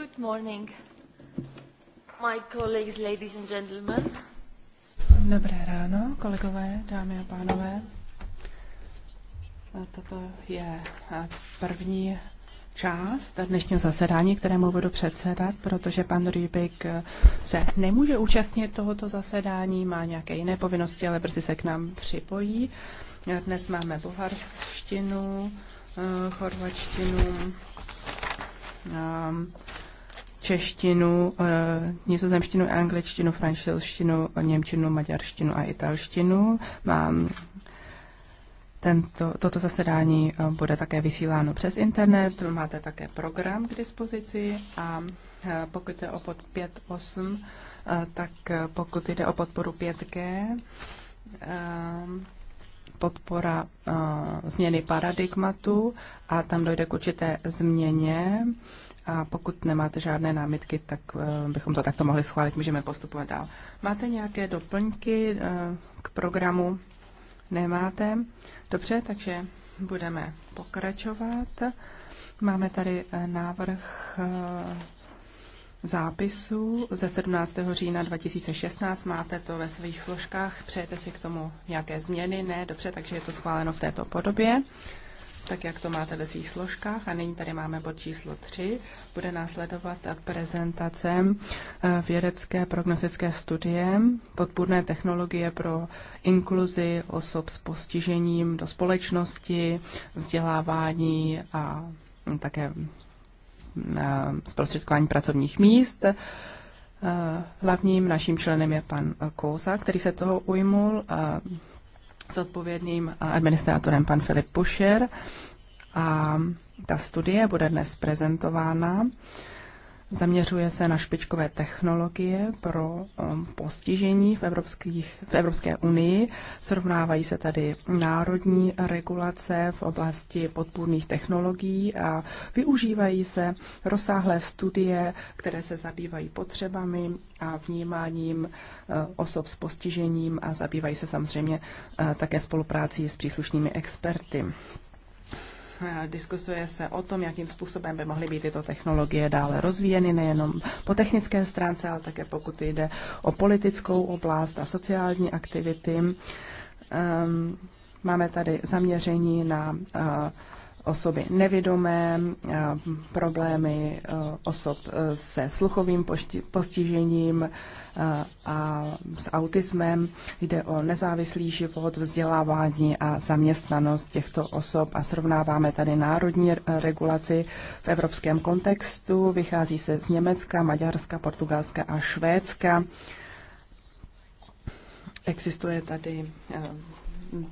Good morning, my colleagues, ladies and gentlemen. Dobré ráno, kolegové, dámy a pánové. Toto je první část dnešního zasedání, kterému budu předsedat, protože pan Rybik se nemůže účastnit tohoto zasedání, má nějaké jiné povinnosti, ale brzy se k nám připojí. Dnes máme bulharštinu, eh, chorvačtinu, eh, češtinu, eh, nizozemštinu, angličtinu, francouzštinu, němčinu, maďarštinu a italštinu. Mám tento, toto zasedání eh, bude také vysíláno přes internet, máte také program k dispozici a eh, pokud jde o pod 5.8, tak pokud jde o podporu 5G, podpora změny paradigmatu a tam dojde k určité změně a pokud nemáte žádné námitky, tak eh, bychom to takto mohli schválit, můžeme postupovat dál. Máte nějaké doplňky eh, k programu? Nemáte? Dobře, takže budeme pokračovat. Máme tady eh, návrh zápisu ze 17. října 2016. Máte to ve svých složkách. Přejete si k tomu nějaké změny? Ne, dobře, takže je to schváleno v této podobě tak jak to máte ve svých složkách. A nyní tady máme bod číslo 3. Bude následovat prezentace eh, vědecké prognostické studie podpůrné technologie pro inkluzi osob s postižením do společnosti, vzdělávání a také eh, zprostředkování pracovních míst. Eh, hlavním naším členem je pan Kouza, který se toho ujmul s odpovědným administrátorem pan Filip Pušer a ta studie bude dnes prezentována. Zaměřuje se na špičkové technologie pro um, postižení v, evropských, v Evropské unii. Srovnávají se tady národní regulace v oblasti podpůrných technologií a využívají se rozsáhlé studie, které se zabývají potřebami a vnímáním uh, osob s postižením a zabývají se samozřejmě uh, také spoluprácí s příslušnými experty. Diskusuje se o tom, jakým způsobem by mohly být tyto technologie dále rozvíjeny, nejenom po technické stránce, ale také pokud jde o politickou oblast a sociální aktivity. Ehm, máme tady zaměření na eh, osoby nevědomé, eh, problémy eh, osob eh, se sluchovým postižením a s autismem. Jde o nezávislý život, vzdělávání a zaměstnanost těchto osob a srovnáváme tady národní regulaci v evropském kontextu. Vychází se z Německa, Maďarska, Portugalska a Švédska. Existuje tady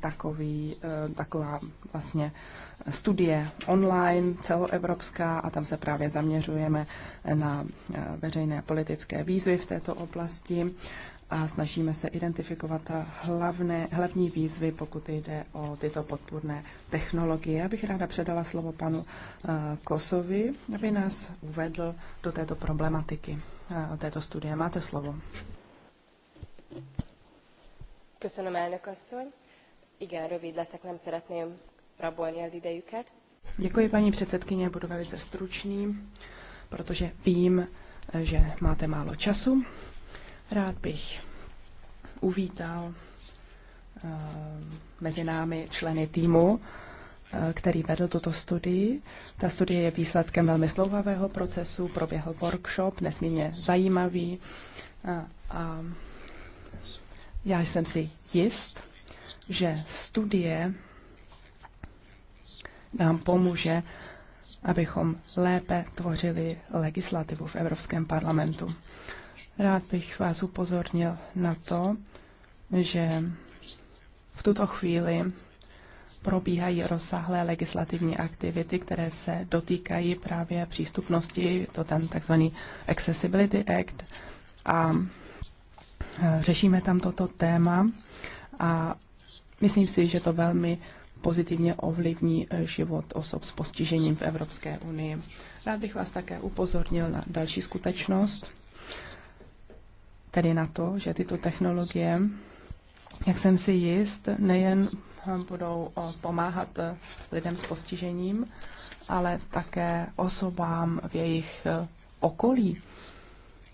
takový, eh, taková vlastně studie online celoevropská a tam se právě zaměřujeme na eh, veřejné politické výzvy v této oblasti a snažíme se identifikovat hlavné, hlavní výzvy, pokud jde o tyto podpůrné technologie. Já bych ráda předala slovo panu eh, Kosovi, aby nás uvedl do této problematiky, do této studie. Máte slovo. Köszönöm, elnök asszony. Igen, rövid leszek, nem szeretném rabolni az idejüket. Děkuji, paní předsedkyně, budu velice stručný, protože vím, že máte málo času. Rád bych uvítal eh, mezi námi členy týmu, eh, který vedl tuto studii. Ta studie je výsledkem velmi slouhavého procesu, proběhl workshop, nesmírně zajímavý eh, a já jsem si jist, že studie nám pomůže, abychom lépe tvořili legislativu v Evropském parlamentu. Rád bych vás upozornil na to, že v tuto chvíli probíhají rozsáhlé legislativní aktivity, které se dotýkají právě přístupnosti, to ten takzvaný Accessibility Act a řešíme tam toto téma a Myslím si, že to velmi pozitivně ovlivní eh, život osob s postižením v Evropské unii. Rád bych vás také upozornil na další skutečnost, tedy na to, že tyto technologie, jak jsem si jist, nejen eh, budou eh, pomáhat lidem s postižením, ale také osobám v jejich okolí.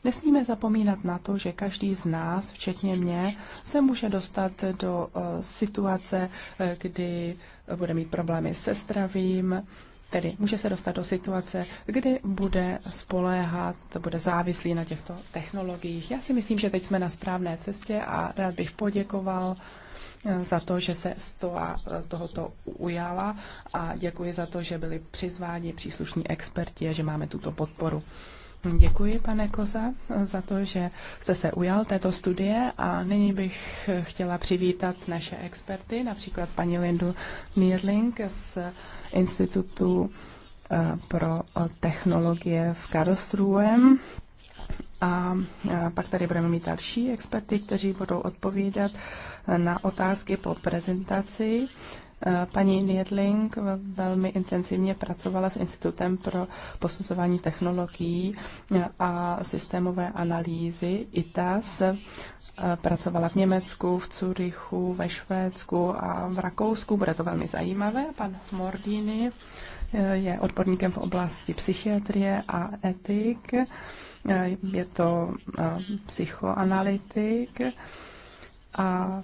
Nesmíme zapomínat na to, že každý z nás, včetně mě, se může dostat do eh, situace, eh, kdy bude mít problémy se stravím, Tedy může se dostat do situace, kdy bude spoléhat, bude závislý na těchto technologiích. Já si myslím, že teď jsme na správné cestě a rád bych poděkoval eh, za to, že se toho tohoto ujala a děkuji za to, že byli přizváni příslušní experti a že máme tuto podporu. Děkuji, pane Koza, za to, že jste se ujal této studie a nyní bych chtěla přivítat naše experty, například paní Lindu Nierling z Institutu eh, pro technologie v Karlsruhe. A eh, pak tady budeme mít další experty, kteří budou odpovídat eh, na otázky po prezentaci. Paní Niedling velmi intenzivně pracovala s Institutem pro posuzování technologií a systémové analýzy ITAS. Pracovala v Německu, v Curychu, ve Švédsku a v Rakousku. Bude to velmi zajímavé. Pan Mordini eh, je odborníkem v oblasti psychiatrie a etik. Eh, je to eh, psychoanalytik a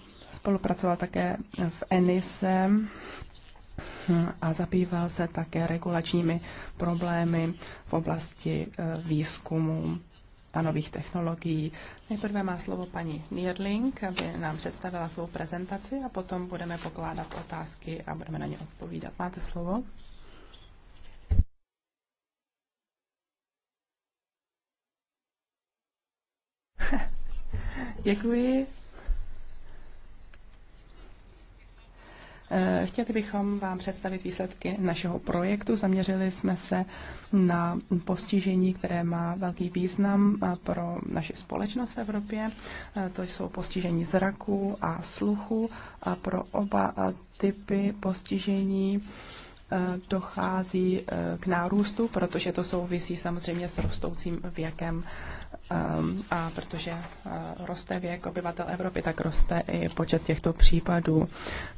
spolupracoval také v Enise a zabýval se také regulačními problémy v oblasti eh, výzkumu a nových technologií. Nejprve má slovo paní Mierling, aby nám představila svou prezentaci a potom budeme pokládat otázky a budeme na ně odpovídat. Máte slovo? Děkuji. Eh, chtěli bychom vám představit výsledky našeho projektu. Zaměřili jsme se na postižení, které má velký význam eh, pro naši společnost v Evropě. Eh, to jsou postižení zraku a sluchu a pro oba typy postižení dochází eh, k nárůstu, protože to souvisí samozřejmě s rostoucím věkem ehm, a protože eh, roste věk obyvatel Evropy, tak roste i počet těchto případů.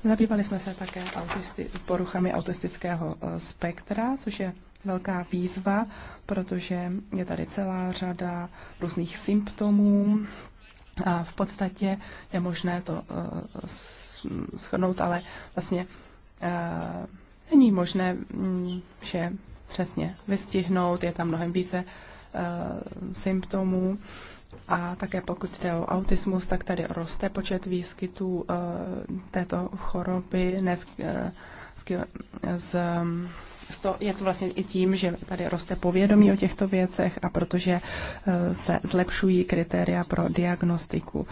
Zabývali jsme se také autisti- poruchami autistického eh, spektra, což je velká výzva, protože je tady celá řada různých symptomů a v podstatě je možné to schrnout, ale vlastně není možné vše mm, přesně vystihnout, je tam mnohem více uh, symptomů. A také pokud jde o autismus, tak tady roste počet výskytů uh, této choroby. Dnes, uh, z, z to, je to vlastně i tím, že tady roste povědomí o těchto věcech a protože se zlepšují kritéria pro diagnostiku.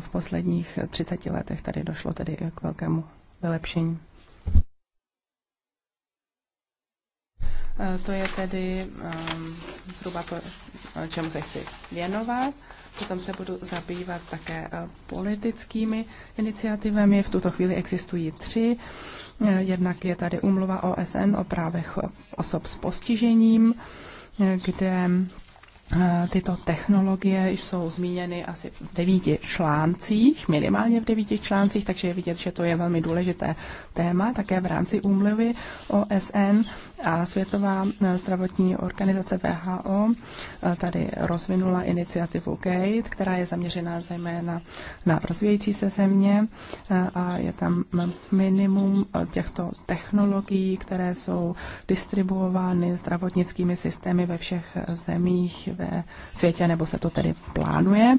V posledních 30 letech tady došlo tedy k velkému vylepšení. Eh, to je tedy um, zhruba to, eh, čemu se chci věnovat. Potom se budu zabývat také eh, politickými iniciativami. V tuto chvíli existují tři. Jednak je tady umluva OSN o právech osob s postižením, kde tyto technologie jsou zmíněny asi v devíti článcích, minimálně v devíti článcích, takže je vidět, že to je velmi důležité téma také v rámci úmluvy OSN. A Světová eh, zdravotní organizace VHO eh, tady rozvinula iniciativu GATE, která je zaměřená zejména na rozvíjející se země eh, a je tam minimum těchto technologií, které jsou distribuovány zdravotnickými systémy ve všech zemích ve světě, nebo se to tedy plánuje.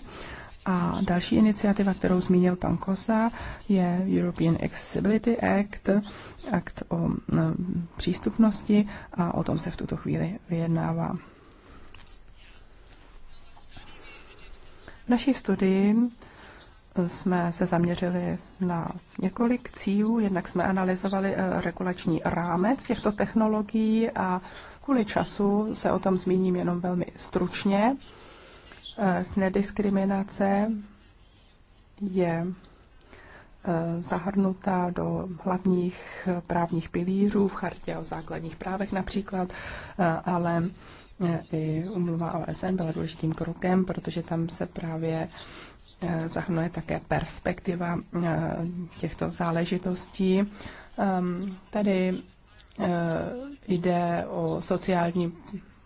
A další iniciativa, kterou zmínil pan Kosa, je European Accessibility Act, akt o přístupnosti a o tom se v tuto chvíli vyjednává. V naší studii jsme se zaměřili na několik cílů. Jednak jsme analyzovali eh, regulační rámec těchto technologií a kvůli času se o tom zmíním jenom velmi stručně. Eh, nediskriminace je eh, zahrnuta do hlavních eh, právních pilířů v chartě o základních právech například, ale i umluva OSN byla důležitým krokem, protože tam se právě zahrnuje také perspektiva těchto záležitostí. Ehm, tady jde o sociální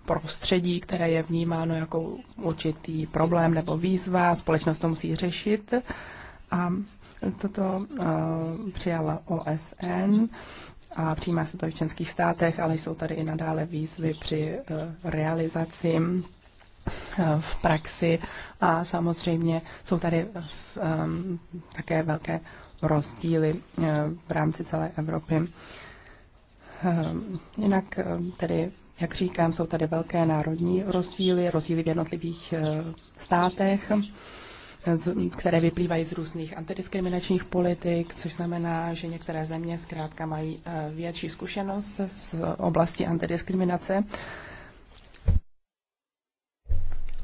prostředí, které je vnímáno jako určitý problém nebo výzva, společnost to musí řešit. A toto uh, přijala OSN a přijímá se to i v členských státech, ale jsou tady i nadále výzvy při uh, realizaci eh, v praxi a samozřejmě jsou tady um, také velké rozdíly v rámci celé Evropy. Jinak tedy jak říkám, jsou tady velké národní rozdíly, rozdíly v jednotlivých eh, státech, které vyplývají z různých antidiskriminačních politik, což znamená, že některé země zkrátka mají eh, větší zkušenost z oblasti antidiskriminace.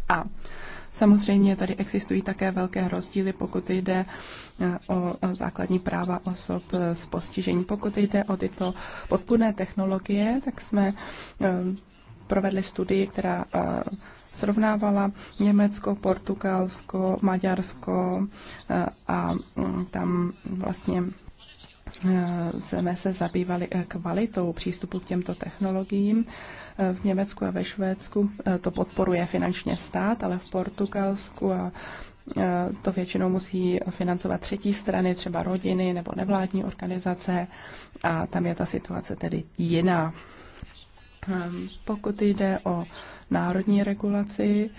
A Samozřejmě tady existují také velké rozdíly, pokud jde eh, o základní práva osob eh, s postižením. Pokud jde o tyto podpůrné technologie, tak jsme eh, provedli studii, která srovnávala Německo, Portugalsko, Maďarsko a mm, tam vlastně jsme se zabývali eh, kvalitou přístupu k těmto technologiím. Eh, v Německu a ve Švédsku eh, to podporuje finančně stát, ale v Portugalsku a to většinou musí financovat třetí strany, třeba rodiny nebo nevládní organizace a tam je ta situace tedy jiná. Ehm, pokud jde o národní regulaci,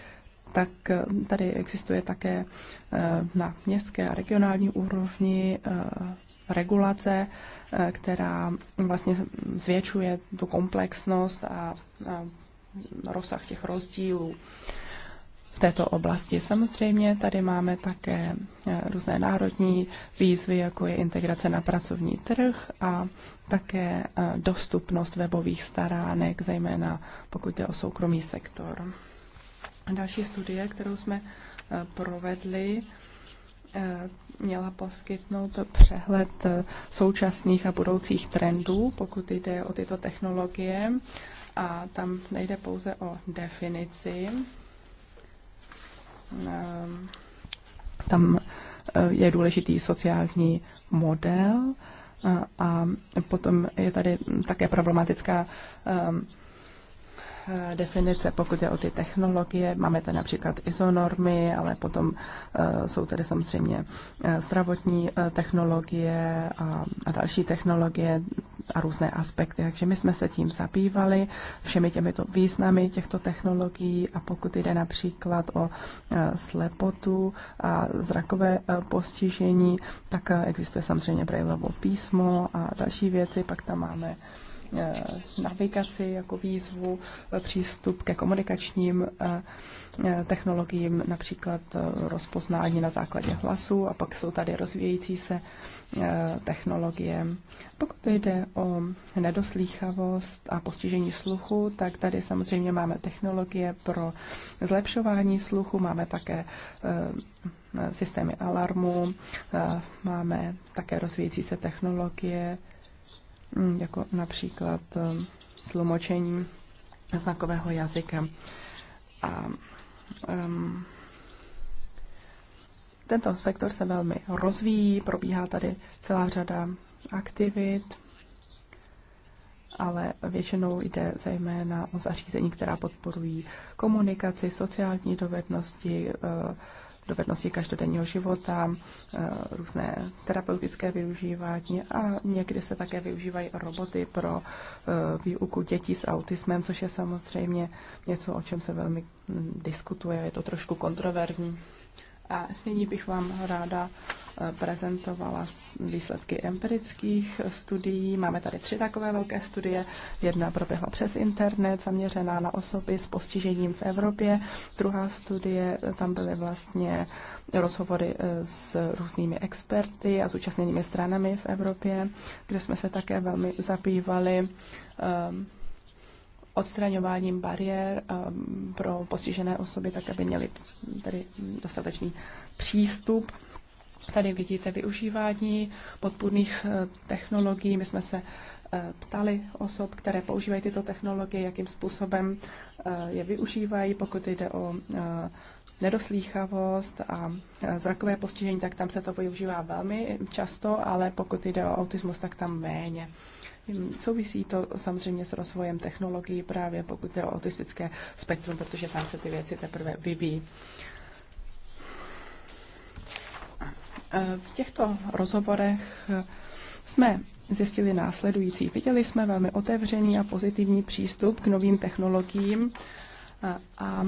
tak eh, tady existuje také eh, na městské a regionální úrovni eh, regulace, která vlastně zvětšuje tu komplexnost a rozsah těch rozdílů v této oblasti. Samozřejmě tady máme také různé národní výzvy, jako je integrace na pracovní trh a také dostupnost webových staránek, zejména pokud jde o soukromý sektor. Další studie, kterou jsme eh, provedli, eh, měla poskytnout přehled eh, současných a budoucích trendů, pokud jde o tyto technologie. A tam nejde pouze o definici. Ehm, tam je důležitý sociální model a potom je tady také problematická ehm, Eh, definice, pokud je o ty technologie. Máme tady například izonormy, ale potom eh, jsou tady samozřejmě eh, zdravotní technologie a, a další technologie a různé aspekty. Takže my jsme se tím zabývali, všemi těmito významy těchto technologií a pokud jde například o slepotu a zrakové postižení, tak existuje samozřejmě Brailleovo písmo a další věci, pak tam máme Eh, navigaci jako výzvu, eh, přístup ke komunikačním eh, technologiím, například rozpoznání na základě hlasu a pak jsou tady rozvíjející se technologie. Pokud to jde o nedoslýchavost a postižení sluchu, tak tady samozřejmě máme technologie pro zlepšování sluchu, máme také systémy alarmu, máme také rozvíjející se technologie Mm, jako například eh, tlumočení znakového jazyka. A um, tento sektor se velmi rozvíjí, probíhá tady celá řada aktivit, ale většinou jde zejména o zařízení, která podporují komunikaci, sociální dovednosti, uh, dovednosti každodenního života, eh, různé terapeutické využívání a někdy se také využívají roboty pro eh, výuku dětí s autismem, což je samozřejmě něco, o čem se velmi hm, diskutuje, je to trošku kontroverzní. A nyní bych vám ráda eh, prezentovala výsledky empirických studií. Máme tady tři takové velké studie. Jedna proběhla přes internet, zaměřená na osoby s postižením v Evropě. Druhá studie, eh, tam byly vlastně eh, rozhovory s různými experty a zúčastněnými stranami v Evropě, kde jsme se také velmi zabývali ehm, odstraňováním bariér ehm, pro postižené osoby, tak aby měli tady dostatečný přístup. Tady vidíte využívání podpůrných eh, technologií. My jsme se eh, ptali osob, které používají tyto technologie, jakým způsobem eh, je využívají, pokud jde o nedoslýchavost a zrakové postižení, tak tam se to využívá velmi často, ale pokud jde o autismus, tak tam méně. Souvisí to samozřejmě s rozvojem technologií právě pokud je o autistické spektrum, protože tam se ty věci teprve vyvíjí. E, v těchto rozhovorech e, jsme zjistili následující. Viděli jsme velmi otevřený a pozitivní přístup k novým technologiím a, a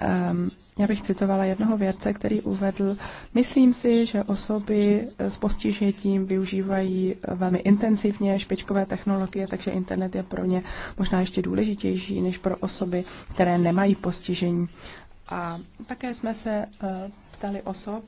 Ehm, já bych citovala jednoho vědce, který uvedl, myslím si, že osoby s postižením využívají velmi intenzivně špičkové technologie, takže internet je pro ně možná ještě důležitější než pro osoby, které nemají postižení. A také jsme se eh, ptali osob,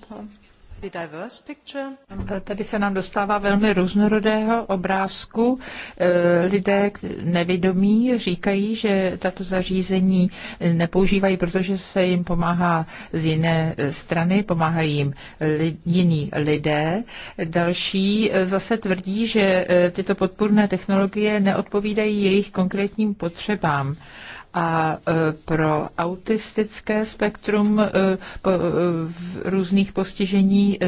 Tady se nám dostává velmi různorodého obrázku. Eh, lidé nevědomí říkají, že tato zařízení nepoužívají, protože se jim pomáhá z jiné eh, strany, pomáhají jim jiní lidé. Další eh, zase tvrdí, že tyto podpůrné technologie neodpovídají jejich konkrétním potřebám a e, pro autistické spektrum e, e, v různých postižení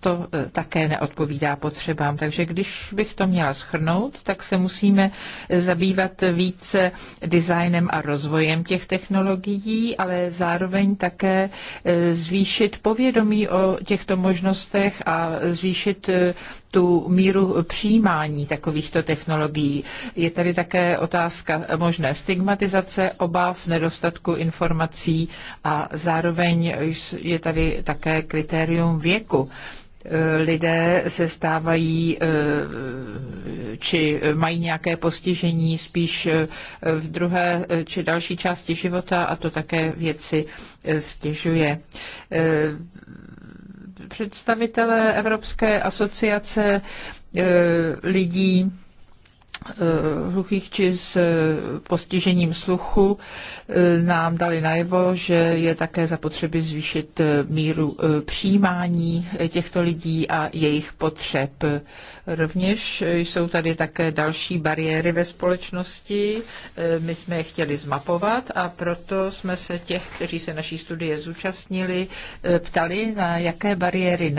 to také neodpovídá potřebám. Takže když bych to měla schrnout, tak se musíme zabývat více designem a rozvojem těch technologií, ale zároveň také zvýšit povědomí o těchto možnostech a zvýšit tu míru přijímání takovýchto technologií. Je tady také otázka možné stigmatizace, obav, nedostatku informací a zároveň je tady také kritérium věku lidé se stávají eh, či mají nějaké postižení spíš eh, v druhé eh, či další části života a to také věci stěžuje představitelé Evropské asociace eh, lidí Eh, hluchých či s eh, postižením sluchu eh, nám dali najevo, že je také zapotřebí zvýšit míru přijímání těchto lidí a jejich potřeb. Rovněž jsou tady také další bariéry ve společnosti. My jsme je chtěli zmapovat a proto jsme se těch, kteří se naší studie zúčastnili, ptali, na jaké bariéry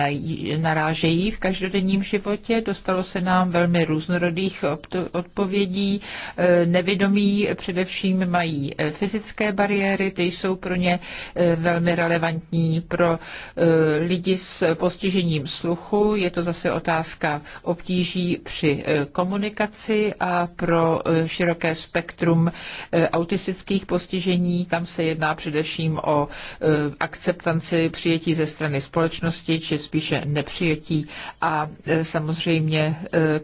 narážejí v každodenním životě. Dostalo se nám velmi různorodých opto- odpovědí. Eh, nevědomí především mají eh, fyzické bariéry, ty jsou pro ně eh, velmi relevantní pro lidi s postižením sluchu. Je to zase otázka obtíží při komunikaci a pro široké spektrum autistických postižení. Tam se jedná především o akceptanci přijetí ze strany společnosti, či spíše nepřijetí a samozřejmě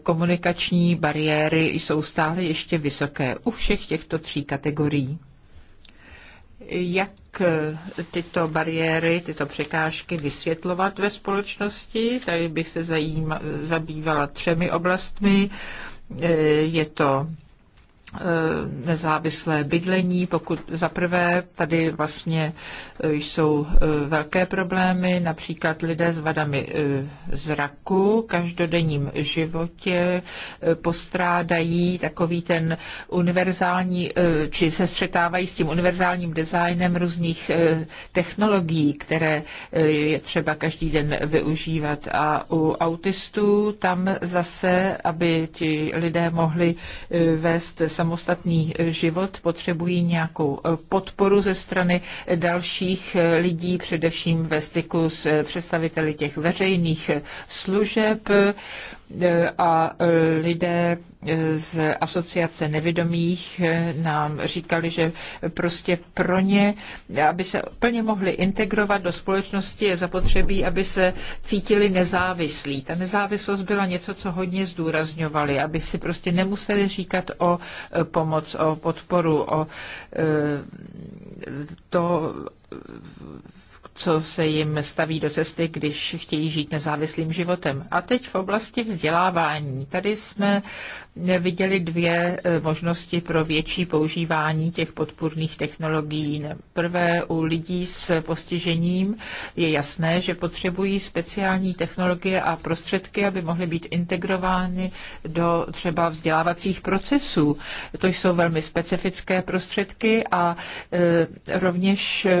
komunikační bariéry mezery jsou stále ještě vysoké u všech těchto tří kategorií. Jak eh, tyto bariéry, tyto překážky vysvětlovat ve společnosti? Tady bych se zajíma, zabývala třemi oblastmi. Eh, je to Eh, nezávislé bydlení. Pokud za prvé tady vlastně eh, jsou eh, velké problémy, například lidé s vadami zraku v každodenním životě postrádají takový ten univerzální, či se střetávají s tím univerzálním designem různých technologií, které je třeba každý den využívat. A u autistů tam zase, aby ti lidé mohli vést samozřejmě samostatný život, potřebují nějakou eh, podporu ze strany dalších eh, lidí, především ve styku s eh, představiteli těch veřejných služeb a lidé z asociace nevědomých nám říkali, že prostě pro ně, aby se plně mohli integrovat do společnosti, je zapotřebí, aby se cítili nezávislí. Ta nezávislost byla něco, co hodně zdůrazňovali, aby si prostě nemuseli říkat o pomoc, o podporu, o eh, to co se jim staví do cesty, když chtějí žít nezávislým životem. A teď v oblasti vzdělávání. Tady jsme viděli dvě e, možnosti pro větší používání těch podpůrných technologií. Prvé u lidí s postižením je jasné, že potřebují speciální technologie a prostředky, aby mohly být integrovány do třeba vzdělávacích procesů. To jsou velmi specifické prostředky a e, rovněž e,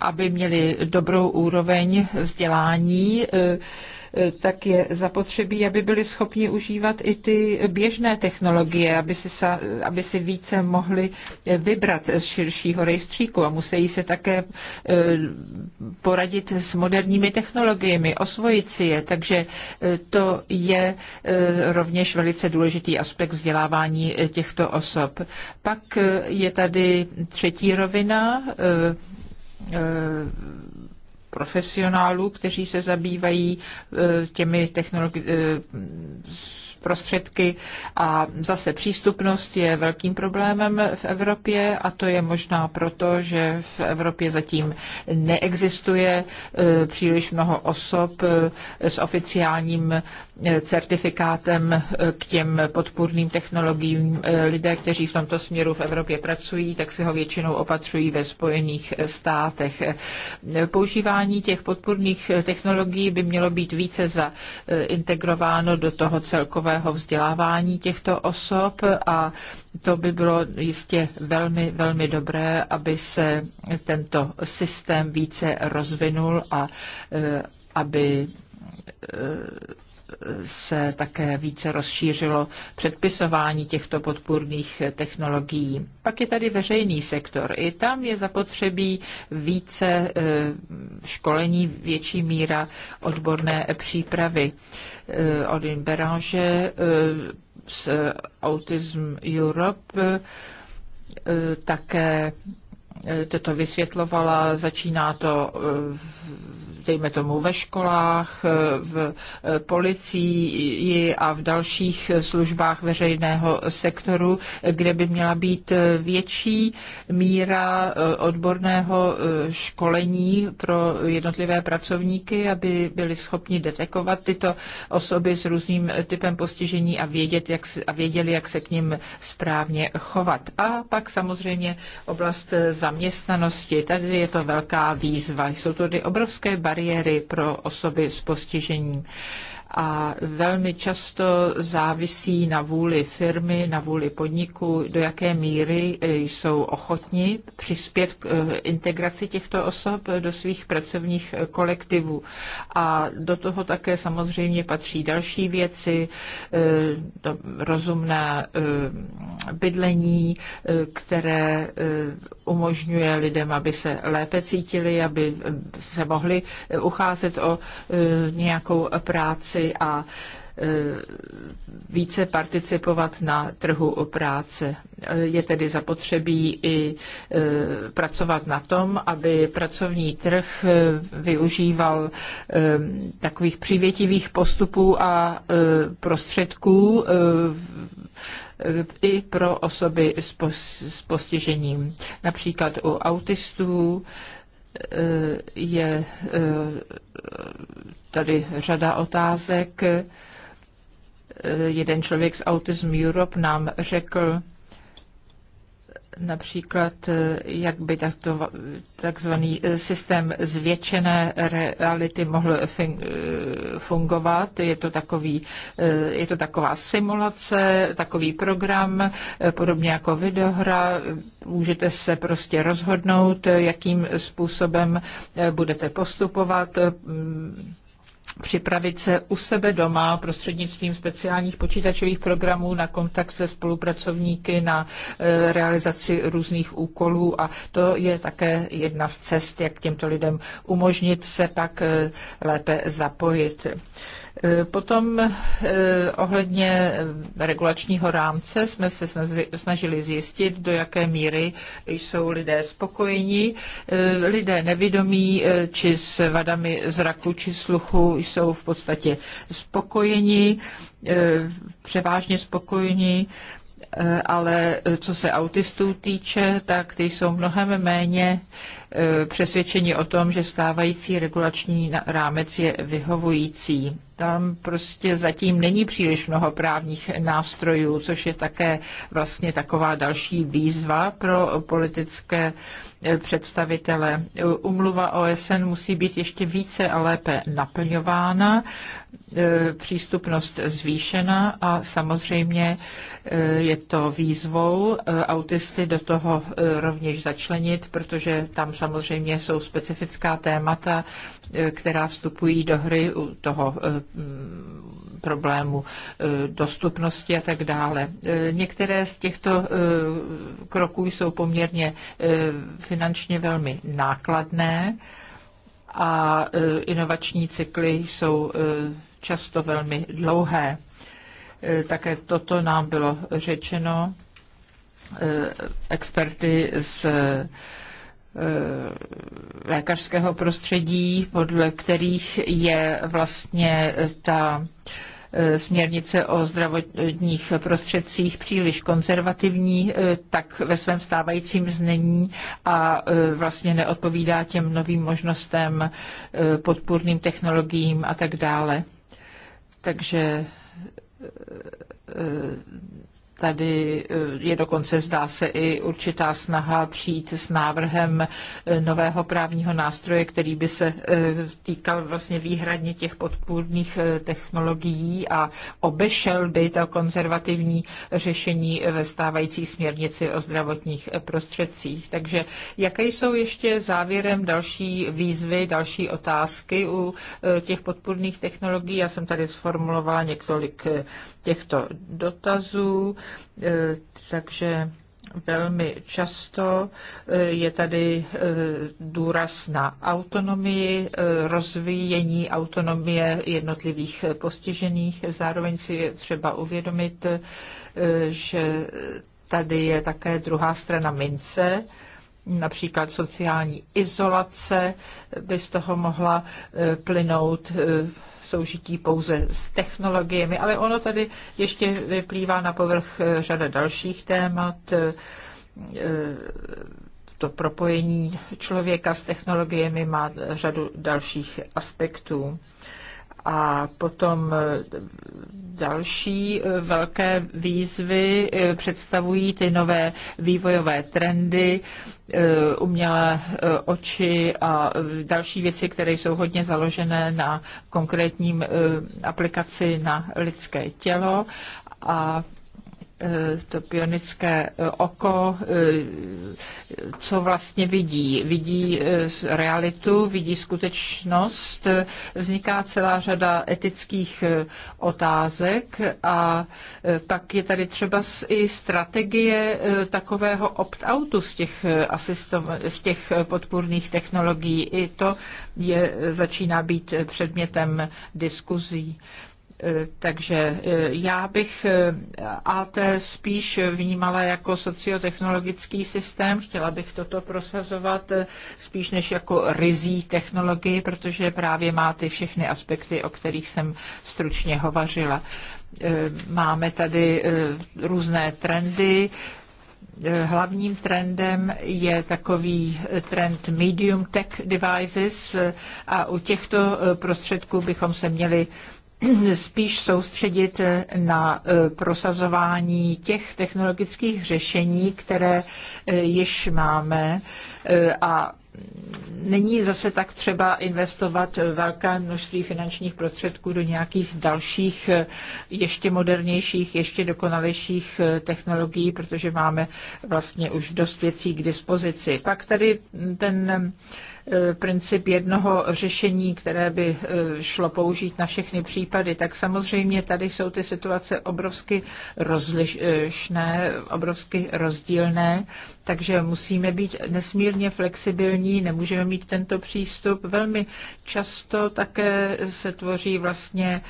aby měli dobrou úroveň vzdělání, eh, E, tak je zapotřebí, aby byli schopni užívat i ty běžné technologie, aby si, sa, aby si více mohli e, vybrat z širšího rejstříku a musí se také e, poradit s moderními technologiemi, osvojit si je. Takže to je rovněž velice důležitý aspekt vzdělávání těchto osob. Pak je tady třetí rovina, profesionálů, kteří se zabývají eh, těmi technologi- eh, prostředky a zase přístupnost je velkým problémem v Evropě a to je možná proto, že v Evropě zatím neexistuje e, příliš mnoho osob e, s oficiálním e, certifikátem k těm podpůrným technologiím. Lidé, kteří v tomto směru v Evropě pracují, tak si ho většinou opatřují ve Spojených státech. Používání těch podpůrných technologií by mělo být více zaintegrováno do toho celkového jazykového vzdělávání těchto osob a to by bylo jistě velmi, velmi dobré, aby se tento systém více rozvinul a e, aby e, se také více rozšířilo předpisování těchto podpůrných technologií. Pak je tady veřejný sektor. I tam je zapotřebí více e, školení, větší míra odborné přípravy. Odin uh, z Autism Europe eh, také eh, toto vysvětlovala. Začíná to eh, v dejme tomu ve školách, eh, v eh, policii a v dalších službách veřejného sektoru, kde by měla být eh, větší míra odborného školení pro jednotlivé pracovníky, aby byli schopni detekovat tyto osoby s různým typem postižení a, vědět, jak, a věděli, jak se k ním správně chovat. A pak samozřejmě oblast zaměstnanosti. Tady je to velká výzva. Jsou tady obrovské bariéry bariéry pro osoby s postižením a velmi často závisí na vůli firmy, na vůli podniku, do jaké míry e, jsou ochotni přispět k e, integraci těchto osob do svých pracovních e, kolektivů. A do toho také samozřejmě patří další věci, rozumné bydlení, které umožňuje lidem, aby se lépe cítili, aby se mohli ucházet o nějakou práci práci a e, více participovat na trhu práce. E, je tedy zapotřebí i e, pracovat na tom, aby pracovní trh využíval takových přivětivých postupů a prostředků i pro osoby s postižením. Například u autistů, je eh, tady řada otázek. Eh, jeden člověk z Autism Europe nám řekl, například eh, jak by takto, takzvaný eh, systém zvětšené reality mohl eh, fungovat. Je to, takový, je to taková simulace, takový program, podobně jako videohra. Můžete se prostě rozhodnout, jakým způsobem budete postupovat připravit se u sebe doma prostřednictvím speciálních počítačových programů na kontakt se spolupracovníky, na e, realizaci různých úkolů a to je také jedna z cest, jak těmto lidem umožnit se pak e, lépe zapojit. E, potom ohledně regulačního rámce jsme se snažili zjistit, do jaké míry jsou lidé spokojeni. Lidé nevědomí či s vadami zraku či sluchu jsou v podstatě spokojeni, eh, převážně spokojeni, eh, ale co se autistů týče, tak ty jsou mnohem méně E, přesvědčeni o tom, že stávající regulační rámec je vyhovující. Tam prostě zatím není příliš mnoho právních nástrojů, což je také vlastně taková další výzva pro politické e, představitele. E, umluva OSN musí být ještě více a lépe naplňována, přístupnost zvýšena a samozřejmě je to výzvou autisty do toho rovněž začlenit, protože tam samozřejmě jsou specifická témata, eh, která vstupují do hry u toho eh, mm, problému eh, dostupnosti a tak dále. Některé z těchto kroků jsou poměrně finančně velmi nákladné a inovační cykly jsou často velmi dlouhé. Také toto nám bylo řečeno experty z Eh, lékařského prostředí, podle kterých je vlastně ta eh, směrnice o zdravotních prostředcích příliš konzervativní, eh, tak ve svém stávajícím znení a vlastně neodpovídá těm novým možnostem, podpůrným technologiím a tak dále. Takže Tady eh, je dokonce zdá se i určitá snaha přijít s návrhem eh, nového právního nástroje, který by se eh, týkal vlastně výhradně těch podpůrných technologií a obešel by to konzervativní řešení ve stávající směrnici o zdravotních prostředcích. Takže jaké jsou ještě závěrem další výzvy, další otázky u těch podpůrných technologií? Já jsem tady sformulovala několik těchto dotazů. Eh, takže velmi často eh, je tady eh, důraz na autonomii, rozvíjení autonomie jednotlivých postižených. Zároveň si je třeba uvědomit, že tady je také druhá strana mince, například sociální izolace by z toho mohla plynout soužití pouze s technologiemi, ale ono tady ještě vyplývá na povrch eh, řada dalších témat, eh, eh, to propojení člověka s technologiemi má řadu dalších aspektů. A potom e, další e, velké výzvy e, představují ty nové vývojové trendy, umělé oči a další věci, které jsou hodně založené na konkrétním aplikaci na lidské tělo. A Eh, to pionické eh, oko, eh, co vlastně vidí. Vidí realitu, vidí skutečnost, vzniká celá řada etických otázek a pak je tady třeba i strategie takového opt-outu z těch, asistom- z těch podpůrných technologií. I to je, začíná být předmětem diskuzí. Eh, takže eh, já bych eh, AT spíš vnímala jako sociotechnologický systém, chtěla bych toto prosazovat spíš než jako rizí technologii, protože právě má ty všechny aspekty, o kterých jsem stručně hovařila. Máme tady různé trendy, hlavním trendem je takový trend medium tech devices a u těchto prostředků bychom se měli spíš soustředit na e, prosazování těch technologických řešení, které e, již máme e, a není zase tak třeba investovat velké množství finančních prostředků do nějakých dalších, ještě modernějších, ještě dokonalejších technologií, protože máme vlastně už dost věcí k dispozici. Pak tady ten E, princip jednoho řešení, které by e, šlo použít na všechny případy, tak samozřejmě tady jsou ty situace obrovsky rozlišné, obrovsky rozdílné, takže musíme být nesmírně flexibilní, nemůžeme mít tento přístup. Velmi často také se tvoří vlastně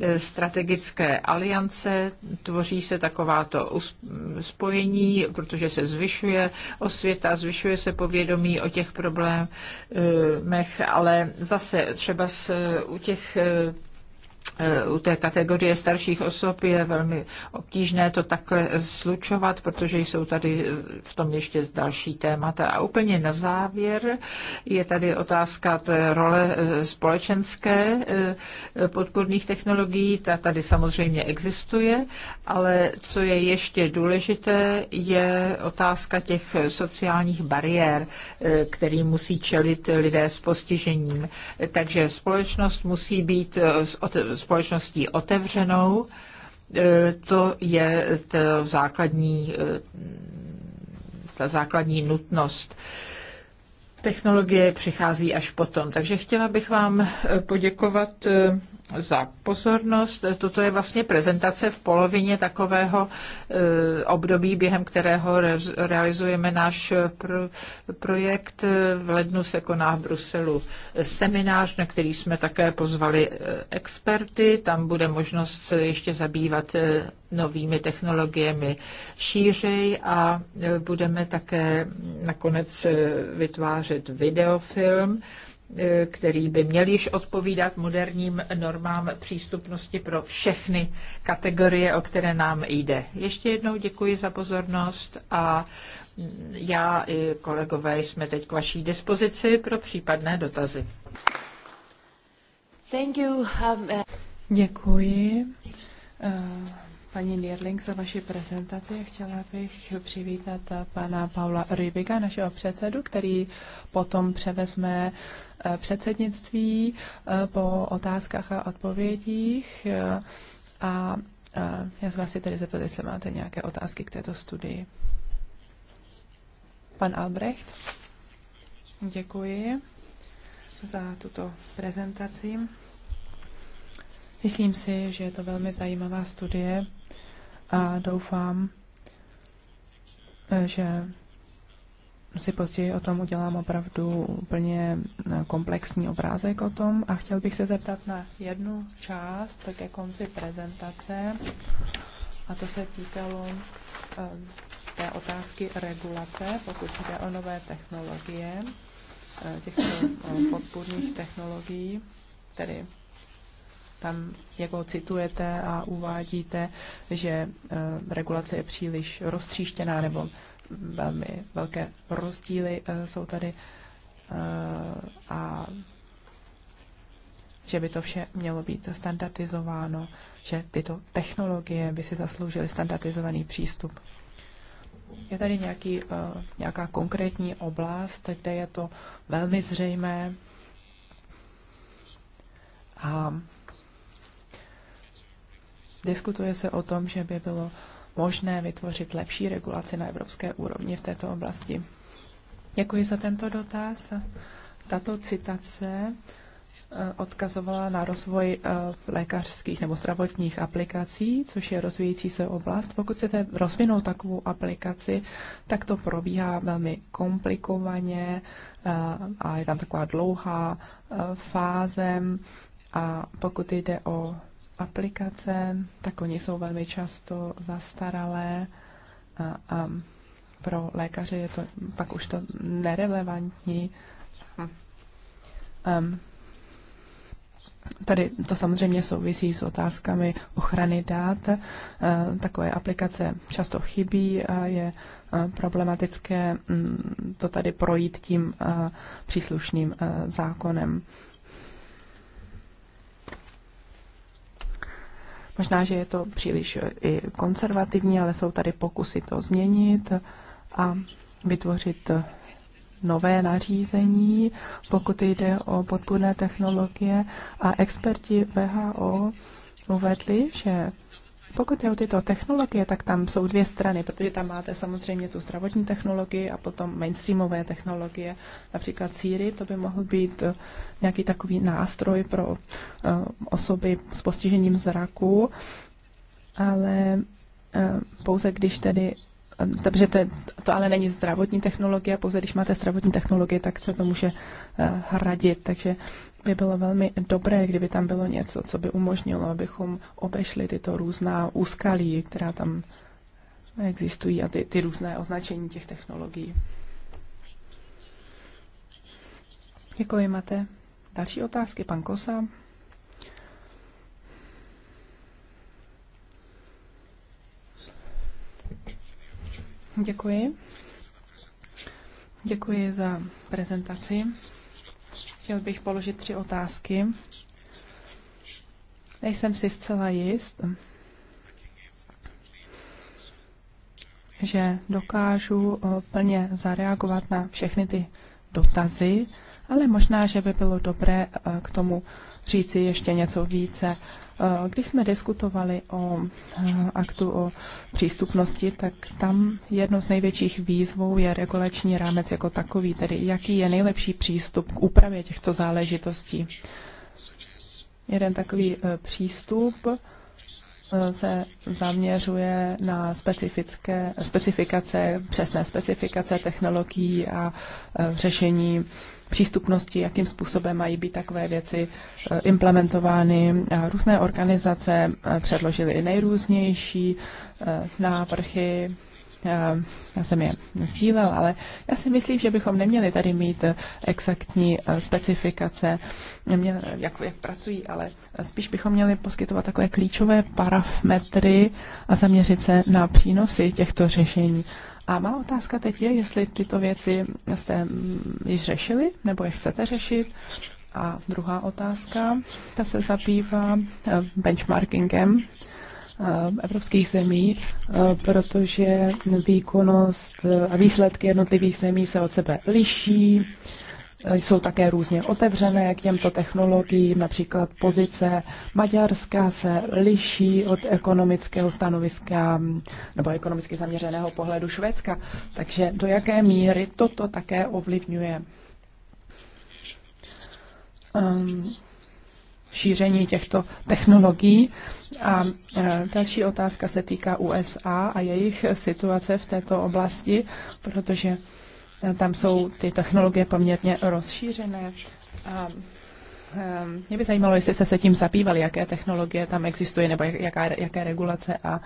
e, strategické aliance, tvoří se takováto spojení, protože se zvyšuje osvěta, zvyšuje se povědomí o těch problémech, Eh, mech, ale zase třeba s, u těch eh, Eh, u té kategorie starších osob je velmi obtížné to takhle slučovat, protože jsou tady eh, v tom ještě další témata. A úplně na závěr je tady otázka, to je role eh, společenské podporných technologií, ta tady samozřejmě existuje, ale co je ještě důležité, je otázka těch sociálních bariér, kterým musí čelit lidé s postižením. Takže společnost musí být společností otevřenou. E, to je ta základní, e, ta základní nutnost. Technologie přichází až potom. Takže chtěla bych vám e, poděkovat za pozornost. Toto je vlastně prezentace v polovině takového eh, období, během kterého realizujeme náš eh, projekt. V lednu se koná v Bruselu seminář, na který jsme také pozvali eh, experty. Tam bude možnost se ještě zabývat novými technologiemi šířej a budeme také nakonec vytvářet videofilm E, který by měl již odpovídat moderním normám přístupnosti pro všechny kategorie, o které nám jde. Ještě jednou děkuji za pozornost a já i kolegové jsme teď k vaší dispozici pro případné dotazy. Thank you. Um, eh, Děkuji. Uh... Paní Nierling, za vaši prezentaci chtěla bych přivítat pana Paula Rybiga, našeho předsedu, který potom převezme Eh, předsednictví eh, po otázkách a odpovědích. Eh, a já z vás si tedy zeptat, jestli máte nějaké otázky k této studii. Pan Albrecht, děkuji za tuto prezentaci. Myslím si, že je to velmi zajímavá studie a doufám, že si později o tom udělám opravdu úplně eh, komplexní obrázek o tom a chtěl bych se zeptat na jednu část ke konci prezentace a to se týkalo eh, té otázky regulace, pokud jde o nové technologie, eh, těchto podpůrných technologií, tedy tam, jako citujete a uvádíte, že regulace je příliš roztříštěná nebo velmi velké rozdíly eh, jsou tady eh, a že by to vše mělo být standardizováno, že tyto technologie by si zasloužily standardizovaný přístup. Je tady nějaký, eh, nějaká konkrétní oblast, kde je to velmi zřejmé a diskutuje se o tom, že by bylo možné vytvořit lepší regulaci na evropské úrovni v této oblasti. Děkuji za tento dotaz. Tato citace eh, odkazovala na rozvoj eh, lékařských nebo zdravotních aplikací, což je rozvíjící se oblast. Pokud chcete rozvinout takovou aplikaci, tak to probíhá velmi komplikovaně eh, a je tam taková dlouhá fáze. A pokud jde o aplikace, tak oni jsou velmi často zastaralé a, a pro lékaře je to pak už to nerelevantní. Um, Tady to samozřejmě souvisí s otázkami ochrany dát. Ehm, takové aplikace často chybí a je e, problematické mm, to tady projít tím e, příslušným e, zákonem. Možná, že je to příliš eh, i konzervativní, ale jsou tady pokusy to změnit a vytvořit eh, nové nařízení, pokud jde o podpůrné technologie. A experti VHO uvedli, že pokud je o tyto technologie, tak tam jsou dvě strany, protože tam máte samozřejmě tu zdravotní technologii a potom mainstreamové technologie. Například Siri, to by mohl být eh, nějaký takový nástroj pro eh, osoby s postižením zraku, ale eh, pouze když tedy takže to, je, to ale není zdravotní technologie, pouze když máte zdravotní technologie, tak se to může eh, hradit. Takže by bylo velmi dobré, kdyby tam bylo něco, co by umožnilo, abychom obešli tyto různá úskalí, která tam existují a ty, ty různé označení těch technologií. Děkuji, máte další otázky, pan Kosa. Děkuji. Děkuji za prezentaci. Chtěl bych položit tři otázky. Nejsem si zcela jist, že dokážu eh, plně zareagovat na všechny ty dotazy, ale možná, že by bylo dobré eh, k tomu říci ještě něco více. Eh, když jsme diskutovali o eh, aktu o přístupnosti, tak tam jednou z největších výzvou je regulační rámec jako takový, tedy jaký je nejlepší přístup k úpravě těchto záležitostí. Jeden takový přístup se zaměřuje na specifické, specifikace, přesné specifikace technologií a e, řešení přístupnosti, jakým způsobem mají být takové věci e, implementovány. Různé organizace e, předložily nejrůznější návrhy Eh, já jsem je sdílel, ale já si myslím, že bychom neměli tady mít eh, exaktní eh, specifikace, neměli, jak, jak pracují, ale spíš bychom měli poskytovat takové klíčové parametry a zaměřit se na přínosy těchto řešení. A má otázka teď je, jestli tyto věci jste mm, již řešili, nebo je chcete řešit. A druhá otázka, ta se zabývá benchmarkingem Eh, evropských zemí, eh, protože výkonnost eh, a výsledky jednotlivých zemí se od sebe liší. Jsou také různě otevřené k těmto technologiím, například pozice Maďarska se liší od ekonomického stanoviska mm, nebo ekonomicky zaměřeného pohledu Švédska. Takže do jaké míry toto také ovlivňuje? Um, šíření těchto technologií. A e, další otázka se týká USA a jejich situace v této oblasti, protože e, tam jsou ty technologie poměrně rozšířené. A e, mě by zajímalo, jestli jste se tím zapývali, jaké technologie tam existují, nebo jaká, jaké regulace, a,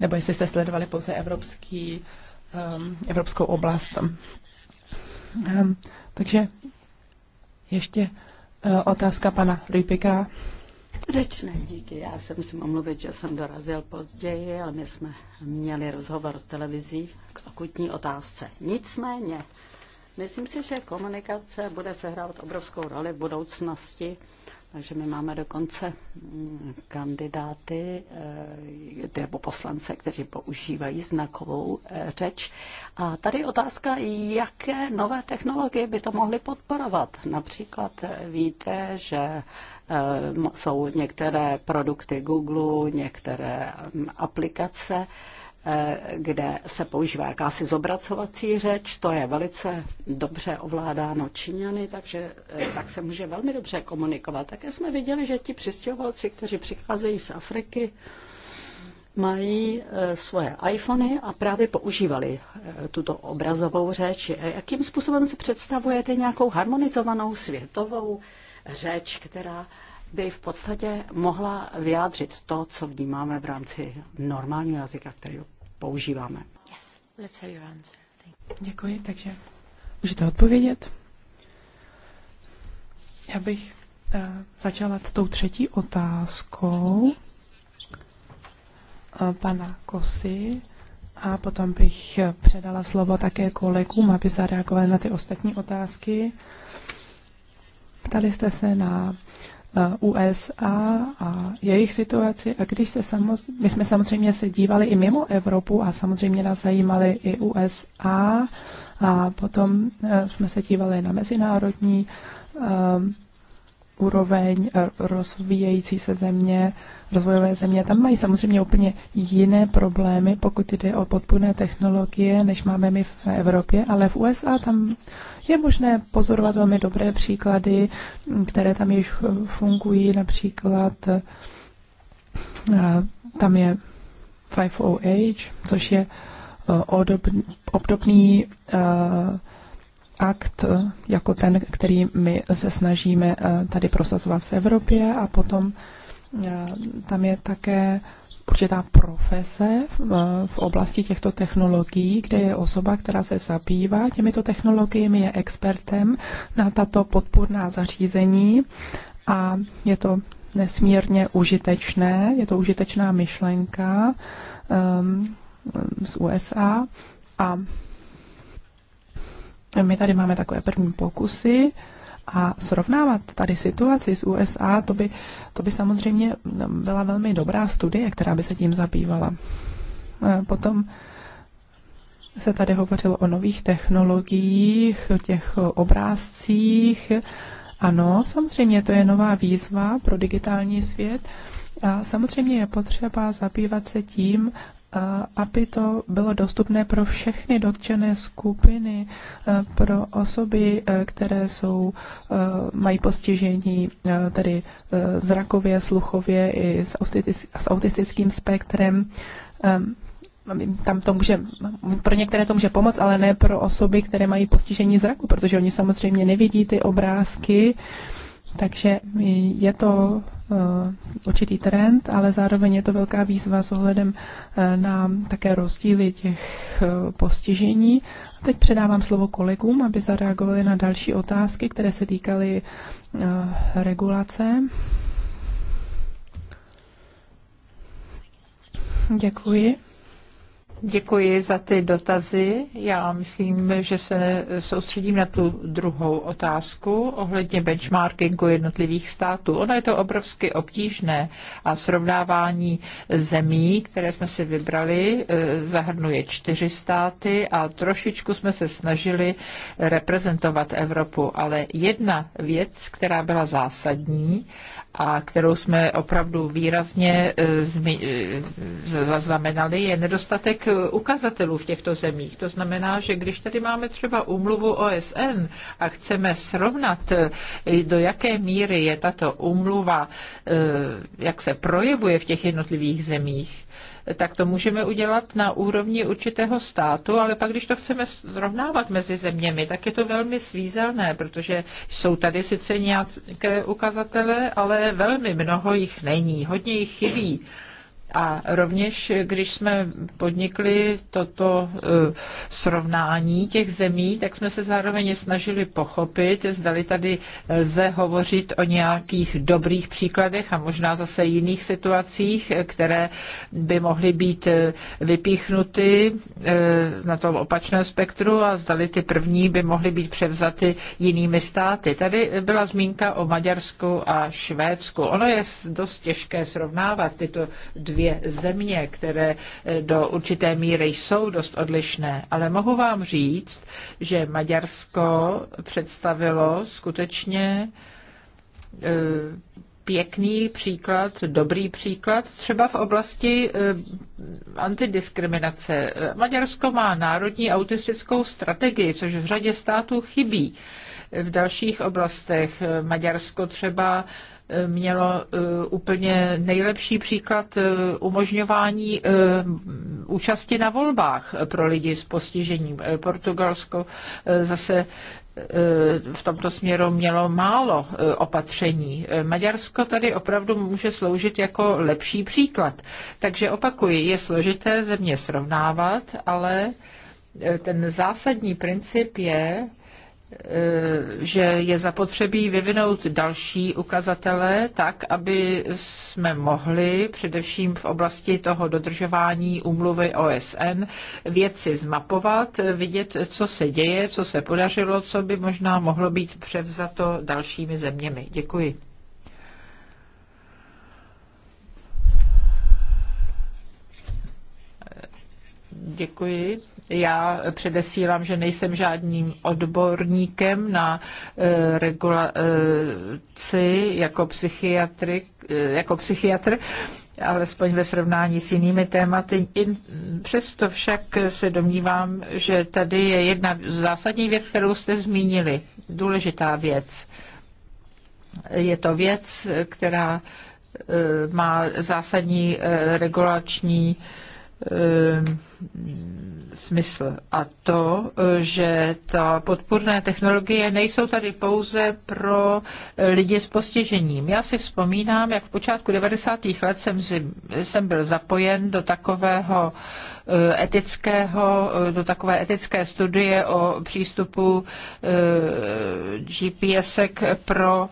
nebo jestli jste sledovali pouze evropský, um, evropskou oblast. Um, takže ještě Eh, otázka pana Rypika. Srdečné díky. Já se musím omluvit, že jsem dorazil později, ale my jsme měli rozhovor s televizí k akutní otázce. Nicméně, myslím si, že komunikace bude sehrávat obrovskou roli v budoucnosti takže my máme dokonce mm, kandidáty eh, nebo poslance, kteří používají znakovou eh, řeč. A tady otázka, jaké nové technologie by to mohly podporovat. Například eh, víte, že jsou některé produkty Google, některé mm, aplikace, Eh, kde se používá jakási zobracovací řeč, to je velice dobře ovládáno Číňany, takže eh, tak se může velmi dobře komunikovat. Také jsme viděli, že ti přistěhovalci, kteří přicházejí z Afriky, mají eh, svoje iPhony a právě používali tuto obrazovou řeč. Jakým způsobem si představujete nějakou harmonizovanou světovou řeč, která by v podstatě mohla vyjádřit to, co vnímáme v rámci normálního jazyka, který používáme. Yes. Let's have your answer. Děkuji, takže můžete odpovědět. Já bych uh, začala tou třetí otázkou uh, pana Kosy a potom bych předala slovo také kolegům, aby zareagovali na ty ostatní otázky. Ptali jste se na uh, Eh, USA a jejich situaci. A když se samozřejmě, my jsme samozřejmě se dívali i mimo Evropu a samozřejmě nás zajímaly i USA a potom eh, jsme se dívali na mezinárodní um, úroveň eh, rozvíjející se země, rozvojové země, tam mají samozřejmě úplně jiné problémy, pokud jde o podpůrné technologie, než máme my v Evropě, ale v USA tam je možné pozorovat velmi dobré příklady, mm, které tam již eh, fungují, například eh, tam je 5OH, což je obdobný akt eh, jako ten, který my se snažíme eh, tady prosazovat v Evropě a potom eh, tam je také určitá profese v oblasti těchto technologií, kde je osoba, která se zabývá těmito technologiemi, je expertem na tato podpůrná zařízení a je to nesmírně užitečné, je to užitečná myšlenka um, z USA a my tady máme takové první pokusy a srovnávat tady situaci s USA, to by, to by samozřejmě byla velmi dobrá studie, která by se tím zabývala. E, potom se tady hovořilo o nových technologiích, o těch obrázcích. Ano, samozřejmě to je nová výzva pro digitální svět. A samozřejmě je potřeba zabývat se tím, aby to bylo dostupné pro všechny dotčené skupiny, e, pro osoby, e, které jsou, e, mají postižení tedy zrakově, sluchově i s autistickým spektrem tam to může, pro některé to může pomoct, ale ne pro osoby, které mají postižení zraku, protože oni samozřejmě nevidí ty obrázky takže je to eh, určitý trend, ale zároveň je to velká výzva s ohledem eh, na také rozdíly těch eh, postižení. Teď předávám slovo kolegům, aby zareagovali na další otázky, které se týkaly regulace. Děkuji. Děkuji za ty dotazy. Já myslím, že se soustředím na tu druhou otázku ohledně benchmarkingu jednotlivých států. Ono je to obrovsky obtížné a srovnávání zemí, které jsme si vybrali, eh, zahrnuje čtyři státy a trošičku jsme se snažili reprezentovat Evropu. Ale jedna věc, která byla zásadní a kterou jsme opravdu výrazně eh, eh, zaznamenali, je nedostatek ukazatelů v těchto zemích. To znamená, že když tady máme třeba úmluvu OSN a chceme srovnat, eh, do jaké míry je tato úmluva, eh, jak se projevuje v těch jednotlivých zemích, tak to můžeme udělat na úrovni určitého státu, ale pak, když to chceme srovnávat mezi zeměmi, tak je to velmi svízelné, protože jsou tady sice nějaké ukazatele, ale velmi mnoho jich není, hodně jich chybí. A rovněž, když jsme podnikli toto e, srovnání těch zemí, tak jsme se zároveň snažili pochopit, zdali tady lze hovořit o nějakých dobrých příkladech a možná zase jiných situacích, které by mohly být e, vypíchnuty e, na tom opačném spektru a zdali ty první by mohly být převzaty jinými státy. Tady byla zmínka o Maďarsku a Švédsku. Ono je dost těžké srovnávat tyto dvě dvě země, které eh, do určité míry jsou dost odlišné, ale mohu vám říct, že Maďarsko představilo skutečně eh, pěkný příklad, dobrý příklad, třeba v oblasti eh, antidiskriminace. Maďarsko má národní autistickou strategii, což v řadě států chybí. V dalších oblastech Maďarsko třeba mělo eh, úplně nejlepší příklad eh, umožňování eh, účasti na volbách pro lidi s postižením. Portugalsko zase v tomto směru mělo málo opatření. Maďarsko tady opravdu může sloužit jako lepší příklad. Takže opakuji, je složité země srovnávat, ale ten zásadní princip je, že je zapotřebí vyvinout další ukazatele tak, aby jsme mohli především v oblasti toho dodržování úmluvy OSN věci zmapovat, vidět, co se děje, co se podařilo, co by možná mohlo být převzato dalšími zeměmi. Děkuji. Děkuji. Já předesílám, že nejsem žádným odborníkem na eh, regulaci jako e, jako psychiatr, alespoň ve srovnání s jinými tématy. Přesto však se domnívám, že tady je jedna zásadní věc, kterou jste zmínili, důležitá věc. Je to věc, která eh, má zásadní regulační Eh, smysl. A to, eh, že ta podpůrné technologie nejsou tady pouze pro eh, lidi s postižením. Já si vzpomínám, jak v počátku 90. let jsem, jsem byl zapojen do takového Eh, etického, eh, do takové etické studie o přístupu eh, GPSek pro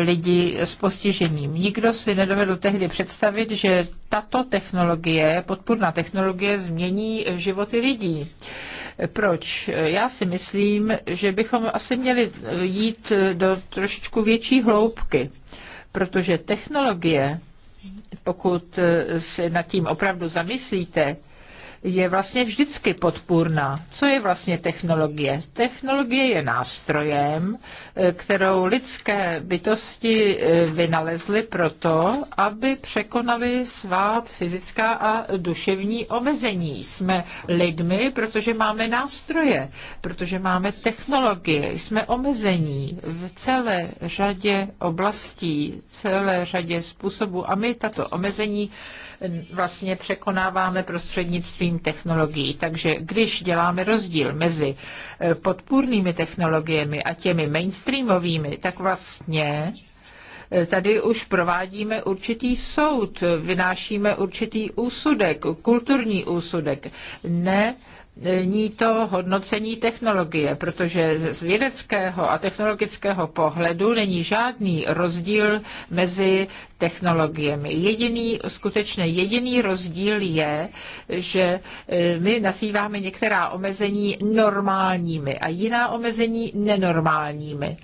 lidi s postižením. Nikdo si nedovedl tehdy představit, že tato technologie, podpůrná technologie, změní životy lidí. Proč? Já si myslím, že bychom asi měli jít do trošičku větší hloubky, protože technologie, pokud se nad tím opravdu zamyslíte, je vlastně vždycky podpůrná. Co je vlastně technologie? Technologie je nástrojem, kterou lidské bytosti eh, vynalezly proto, aby překonali svá fyzická a duševní omezení. Jsme lidmi, protože máme nástroje, protože máme technologie, jsme omezení v celé řadě oblastí, celé řadě způsobů a my tato omezení eh, vlastně překonáváme prostřednictvím technologií. Takže když děláme rozdíl mezi podpůrnými technologiemi a těmi mainstreamovými, tak vlastně eh, tady už provádíme určitý soud, vynášíme určitý úsudek, kulturní úsudek. Ne Není to hodnocení technologie, protože z vědeckého a technologického pohledu není žádný rozdíl mezi technologiemi. Jediný, skutečně jediný rozdíl je, že e, my nasíváme některá omezení normálními a jiná omezení nenormálními.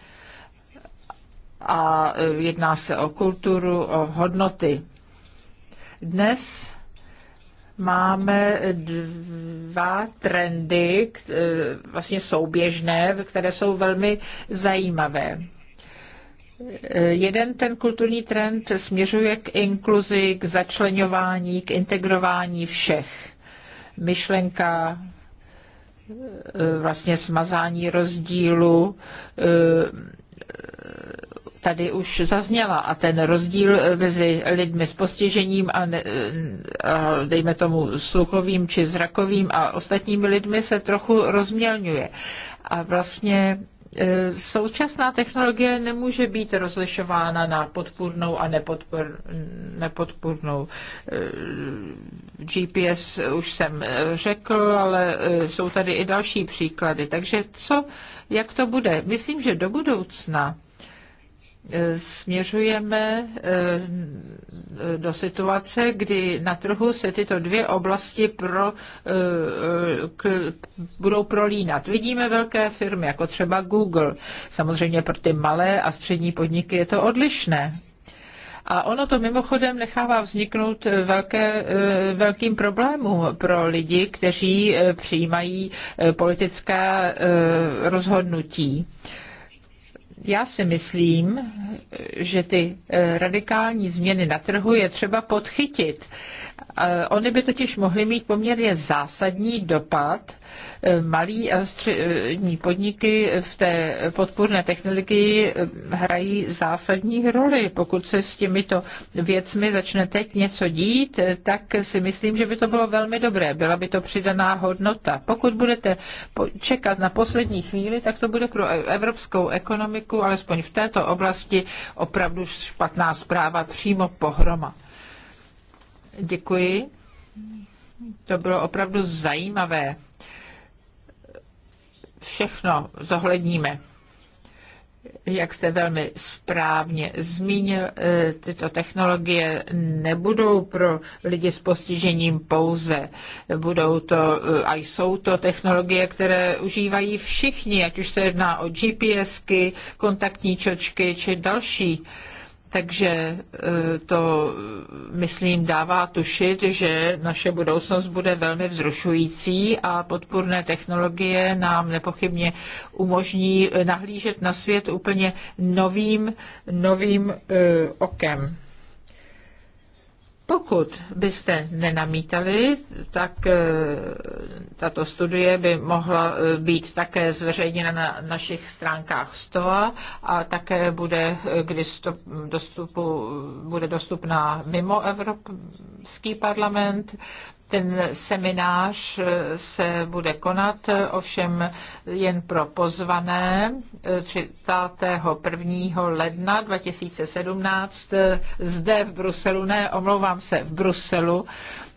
A e, jedná se o kulturu, o hodnoty. Dnes máme dva trendy, e, vlastně souběžné, které jsou velmi zajímavé. E, jeden ten kulturní trend směřuje k inkluzi, k začlenování, k integrování všech. Myšlenka e, vlastně smazání rozdílu, tady už zazněla a ten rozdíl mezi lidmi s postižením a, ne, a dejme tomu sluchovým či zrakovým a ostatními lidmi se trochu rozmělňuje. A vlastně e, současná technologie nemůže být rozlišována na podpůrnou a nepodpor, nepodpůrnou. E, GPS už jsem řekl, ale e, jsou tady i další příklady. Takže co, jak to bude? Myslím, že do budoucna Eh, směřujeme eh, do situace, kdy na trhu se tyto dvě oblasti pro, eh, k, budou prolínat. Vidíme velké firmy, jako třeba Google. Samozřejmě pro ty malé a střední podniky je to odlišné. A ono to mimochodem nechává vzniknout velké, velkým problémům pro lidi, kteří přijímají politická rozhodnutí. Já si myslím, že ty eh, radikální změny na trhu je třeba podchytit. Ony by totiž mohly mít poměrně zásadní dopad. Eh, Malí a střední podniky v té podpůrné technologii eh, hrají zásadní roli. Pokud se s těmito věcmi začne teď něco dít, eh, tak si myslím, že by to bylo velmi dobré. Byla by to přidaná hodnota. Pokud budete čekat na poslední chvíli, tak to bude pro e- evropskou ekonomiku, alespoň v této oblasti, opravdu špatná zpráva, přímo pohroma. Děkuji. To bylo opravdu zajímavé. Všechno zohledníme jak jste velmi správně zmínil, eh, tyto technologie nebudou pro lidi s postižením pouze. Budou to eh, a jsou to technologie, které užívají všichni, ať už se jedná o GPSky, kontaktní čočky či další takže e, to, myslím, dává tušit, že naše budoucnost bude velmi vzrušující a podpůrné technologie nám nepochybně umožní e, nahlížet na svět úplně novým, novým e, okem. Pokud byste nenamítali, tak eh, tato studie by mohla eh, být také zveřejněna na našich stránkách STOA a také bude, když dostupu, bude dostupná mimo Evropský parlament. Ten seminář eh, se bude konat eh, ovšem jen pro pozvané 31. Eh, ledna 2017 zde v Bruselu, ne, omlouvám se, v Bruselu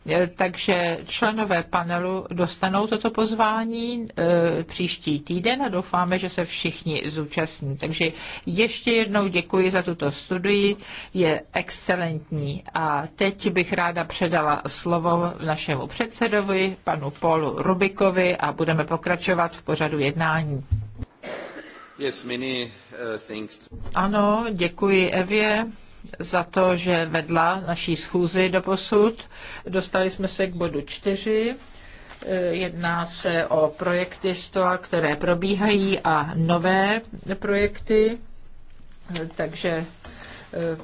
E, takže členové panelu dostanou toto pozvání e, příští týden a doufáme, že se všichni zúčastní. Takže ještě jednou děkuji za tuto studii, je excelentní. A teď bych ráda předala slovo našemu předsedovi, panu Paulu Rubikovi a budeme pokračovat v pořadu jednání. Yes, many, uh, ano, děkuji Evě za to, že vedla naší schůzi do posud. Dostali jsme se k bodu čtyři. Eh, jedná se o projekty STOA, které probíhají a nové projekty. Eh, takže eh,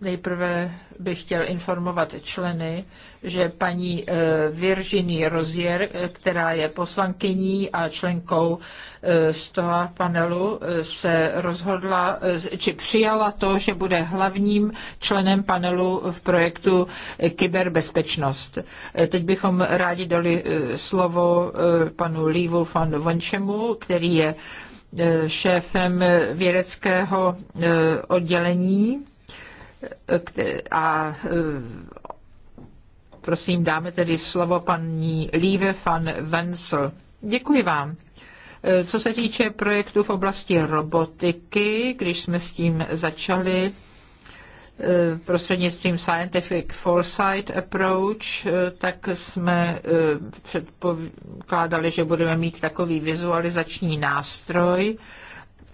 Nejprve bych chtěl informovat členy, že paní eh, Virginie Rozier, která je poslankyní a členkou eh, toho panelu, eh, se rozhodla, či přijala to, že bude hlavním členem panelu v projektu Kyberbezpečnost. Teď bychom rádi dali slovo panu Lívu van Vončemu, který je šéfem vědeckého oddělení a eh, prosím, dáme tedy slovo paní Líve van Wenzel. Děkuji vám. Eh, co se týče projektů v oblasti robotiky, když jsme s tím začali, eh, prostřednictvím Scientific Foresight Approach, tak jsme předpokládali, že budeme mít takový vizualizační nástroj,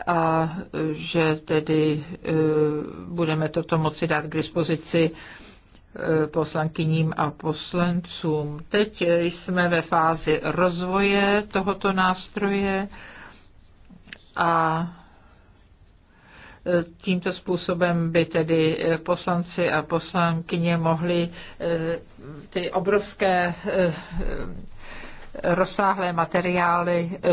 a že tedy e, budeme toto moci dát k dispozici e, poslankyním a poslancům. Teď jsme ve fázi rozvoje tohoto nástroje a e, Tímto způsobem by tedy poslanci a poslankyně mohli ty obrovské rozsáhlé materiály e,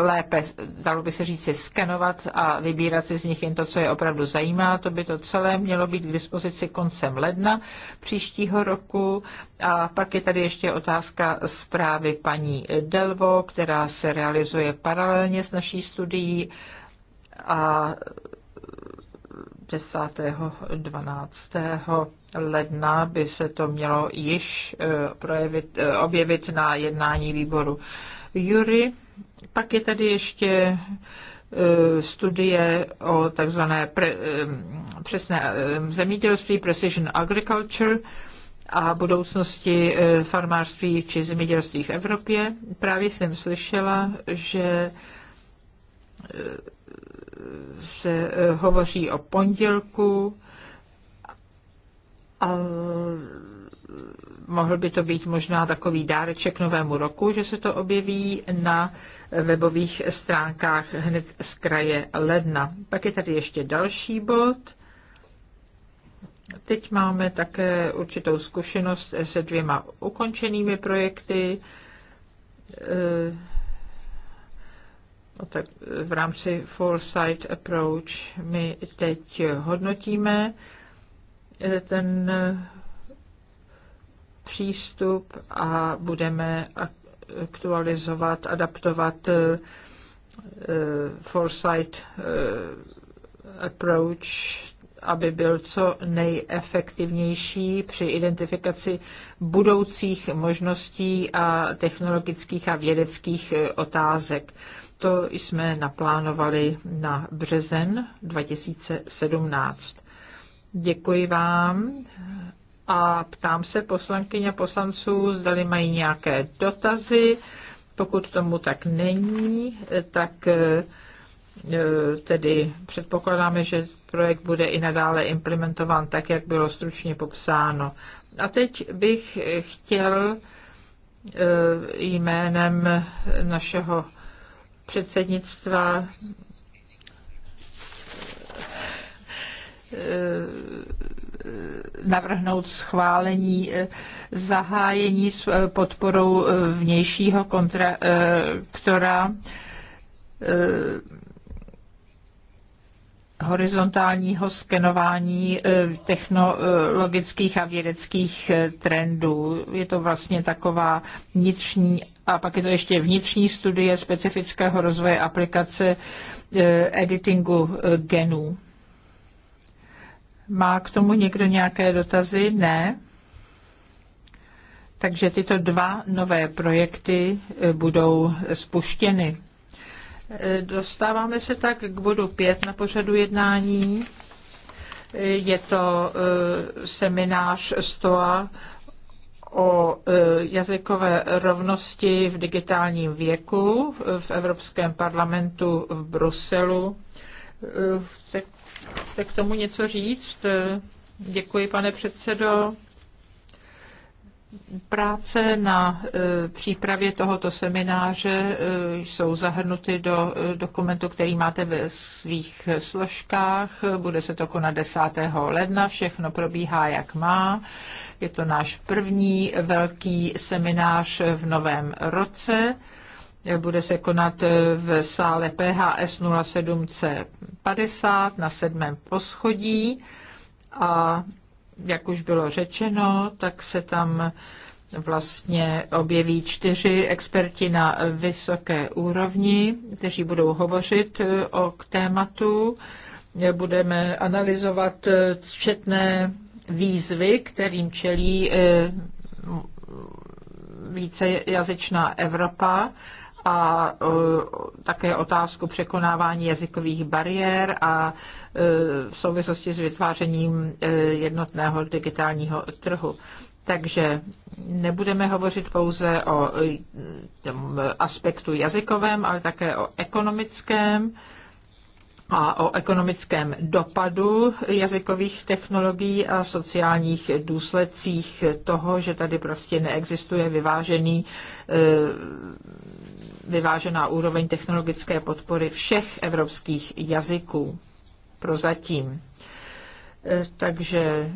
lépe, dalo by se říci, skenovat a vybírat si z nich jen to, co je opravdu zajímá. To by to celé mělo být k dispozici koncem ledna příštího roku. A pak je tady ještě otázka zprávy paní Delvo, která se realizuje paralelně s naší studií a 12. ledna by se to mělo již eh, projevit, eh, objevit na jednání výboru Jury. Pak je tady ještě eh, studie o takzvané pre, přesné zemědělství, precision agriculture a budoucnosti farmářství či zemědělství v Evropě. Právě jsem slyšela, že se eh, hovoří o pondělku, a mohl by to být možná takový dáreček novému roku, že se to objeví na webových stránkách hned z kraje ledna. Pak je tady ještě další bod. Teď máme také určitou zkušenost se dvěma ukončenými projekty eh, No tak v rámci Foresight Approach my teď hodnotíme eh, ten eh, přístup a budeme aktualizovat, adaptovat eh, Foresight Approach aby byl co nejefektivnější při identifikaci budoucích možností a technologických a vědeckých eh, otázek. To jsme naplánovali na březen 2017. Děkuji vám a ptám se poslankyně a poslanců, zdali mají nějaké dotazy. Pokud tomu tak není, eh, tak eh, E, tedy předpokládáme, že projekt bude i nadále implementován tak, jak bylo stručně popsáno. A teď bych chtěl e, jménem našeho předsednictva e, navrhnout schválení zahájení s podporou vnějšího kontraktora horizontálního skenování eh, technologických a vědeckých eh, trendů. Je to vlastně taková vnitřní a pak je to ještě vnitřní studie specifického rozvoje aplikace eh, editingu genů. Má k tomu někdo nějaké dotazy? Ne. Takže tyto dva nové projekty budou spuštěny. Dostáváme se tak k bodu 5 na pořadu jednání. Je to eh, seminář STOA o eh, jazykové rovnosti v digitálním věku v Evropském parlamentu v Bruselu. Eh, chce k tomu něco říct? Děkuji, pane předsedo. Práce na e, přípravě tohoto semináře e, jsou zahrnuty do e, dokumentu, který máte ve svých složkách. Bude se to konat 10. ledna, všechno probíhá, jak má. Je to náš první velký seminář v novém roce. Bude se konat v sále PHS 07C50 na sedmém poschodí a jak už bylo řečeno, tak se tam vlastně objeví čtyři experti na vysoké úrovni, kteří budou hovořit e, o k tématu. Budeme analyzovat e, četné výzvy, kterým čelí e, vícejazyčná Evropa a e, také otázku překonávání jazykových bariér a e, v souvislosti s vytvářením e, jednotného digitálního trhu. Takže nebudeme hovořit pouze o aspektu jazykovém, ale také o ekonomickém a o ekonomickém dopadu jazykových technologií a sociálních důsledcích toho, že tady prostě neexistuje vyvážený vyvážená úroveň technologické podpory všech evropských jazyků prozatím. E, takže e,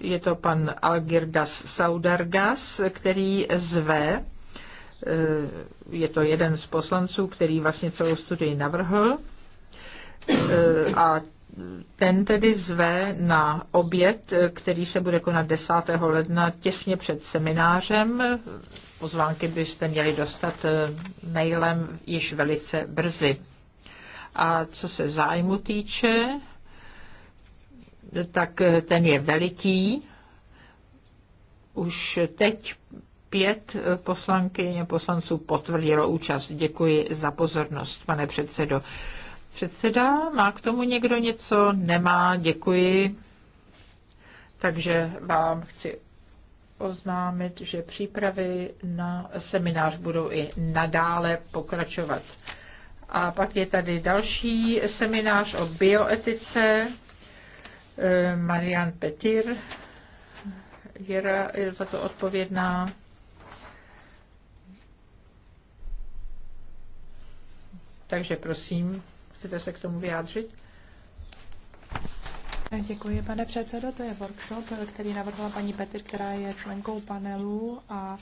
je to pan Algirdas Saudargas, který zve, e, je to jeden z poslanců, který vlastně celou studii navrhl, a ten tedy zve na oběd, který se bude konat 10. ledna těsně před seminářem Pozvánky byste měli dostat eh, mailem již velice brzy. A co se zájmu týče, tak eh, ten je veliký. Už teď pět eh, poslankyň a poslanců potvrdilo účast. Děkuji za pozornost, pane předsedo. Předseda, má k tomu někdo něco? Nemá, děkuji. Takže vám chci oznámit, že přípravy na seminář budou i nadále pokračovat. A pak je tady další seminář o bioetice. Eh, Marian Petir je za to odpovědná. Takže prosím, chcete se k tomu vyjádřit? Děkuji, pane předsedo. To je workshop, který navrhla paní Petr, která je členkou panelu a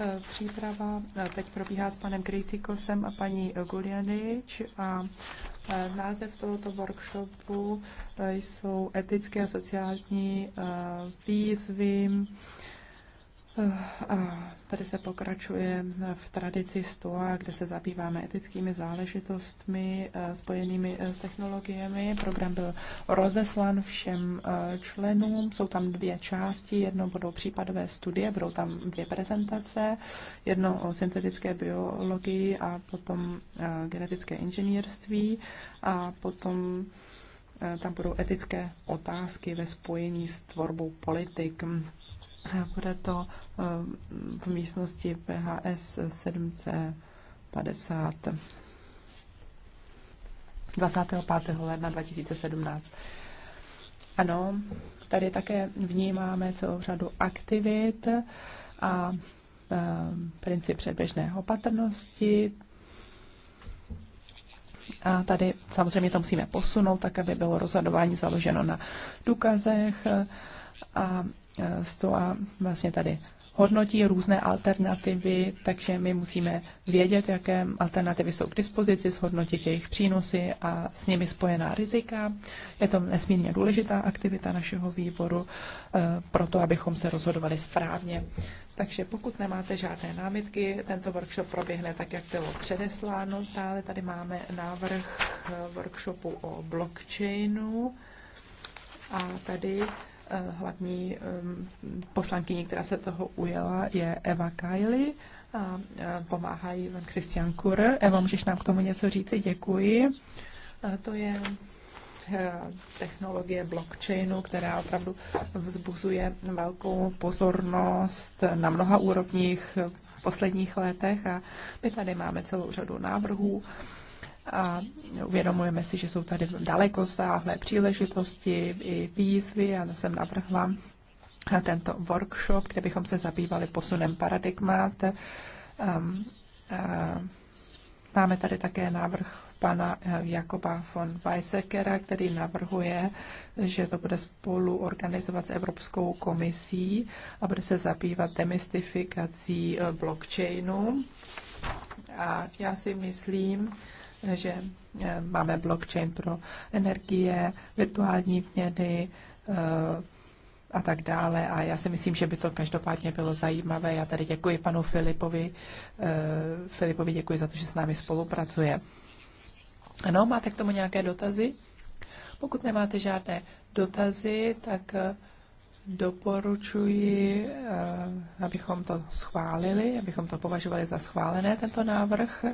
e, příprava e, teď probíhá s panem Kritikosem a paní Gulianič a e, název tohoto workshopu jsou etické a sociální výzvy Eh, a tady se pokračuje v tradici STOA, kde se zabýváme etickými záležitostmi eh, spojenými eh, s technologiemi. Program byl rozeslan všem členům. Jsou tam dvě části. Jedno budou případové studie, budou tam dvě prezentace. Jedno o syntetické biologii a potom genetické inženýrství. A potom tam budou etické otázky ve spojení s tvorbou politik. Bude to eh, v místnosti PHS 7C50 25. ledna 2017. Ano, tady také vnímáme celou řadu aktivit a eh, princip předběžné opatrnosti. A tady samozřejmě to musíme posunout, tak aby bylo rozhodování založeno na důkazech a Eh, stola vlastně tady hodnotí různé alternativy, takže my musíme vědět, jaké alternativy jsou k dispozici, zhodnotit jejich přínosy a s nimi spojená rizika. Je to nesmírně důležitá aktivita našeho výboru eh, pro to, abychom se rozhodovali správně. Takže pokud nemáte žádné námitky, tento workshop proběhne tak, jak bylo předesláno. Dále tady máme návrh eh, workshopu o blockchainu a tady Eh, hlavní eh, poslankyní, která se toho ujela, je Eva Kajli a eh, pomáhají vám Christian Kur. Eva, můžeš nám k tomu něco říci? Děkuji. To je technologie blockchainu, která opravdu vzbuzuje velkou pozornost na mnoha úrovních v posledních letech a my tady máme celou řadu návrhů a uvědomujeme si, že jsou tady dalekosáhlé příležitosti i výzvy. a jsem navrhla tento workshop, kde bychom se zabývali posunem paradigmat. Um, um, máme tady také návrh pana eh, Jakoba von Weisekera, který navrhuje, že to bude spolu organizovat s Evropskou komisí a bude se zabývat demystifikací eh, blockchainu. A já si myslím, že eh, máme blockchain pro energie, virtuální měny eh, a tak dále. A já si myslím, že by to každopádně bylo zajímavé. Já tady děkuji panu Filipovi. Eh, Filipovi děkuji za to, že s námi spolupracuje. Ano, máte k tomu nějaké dotazy? Pokud nemáte žádné dotazy, tak doporučuji, abychom to schválili, abychom to považovali za schválené, tento návrh.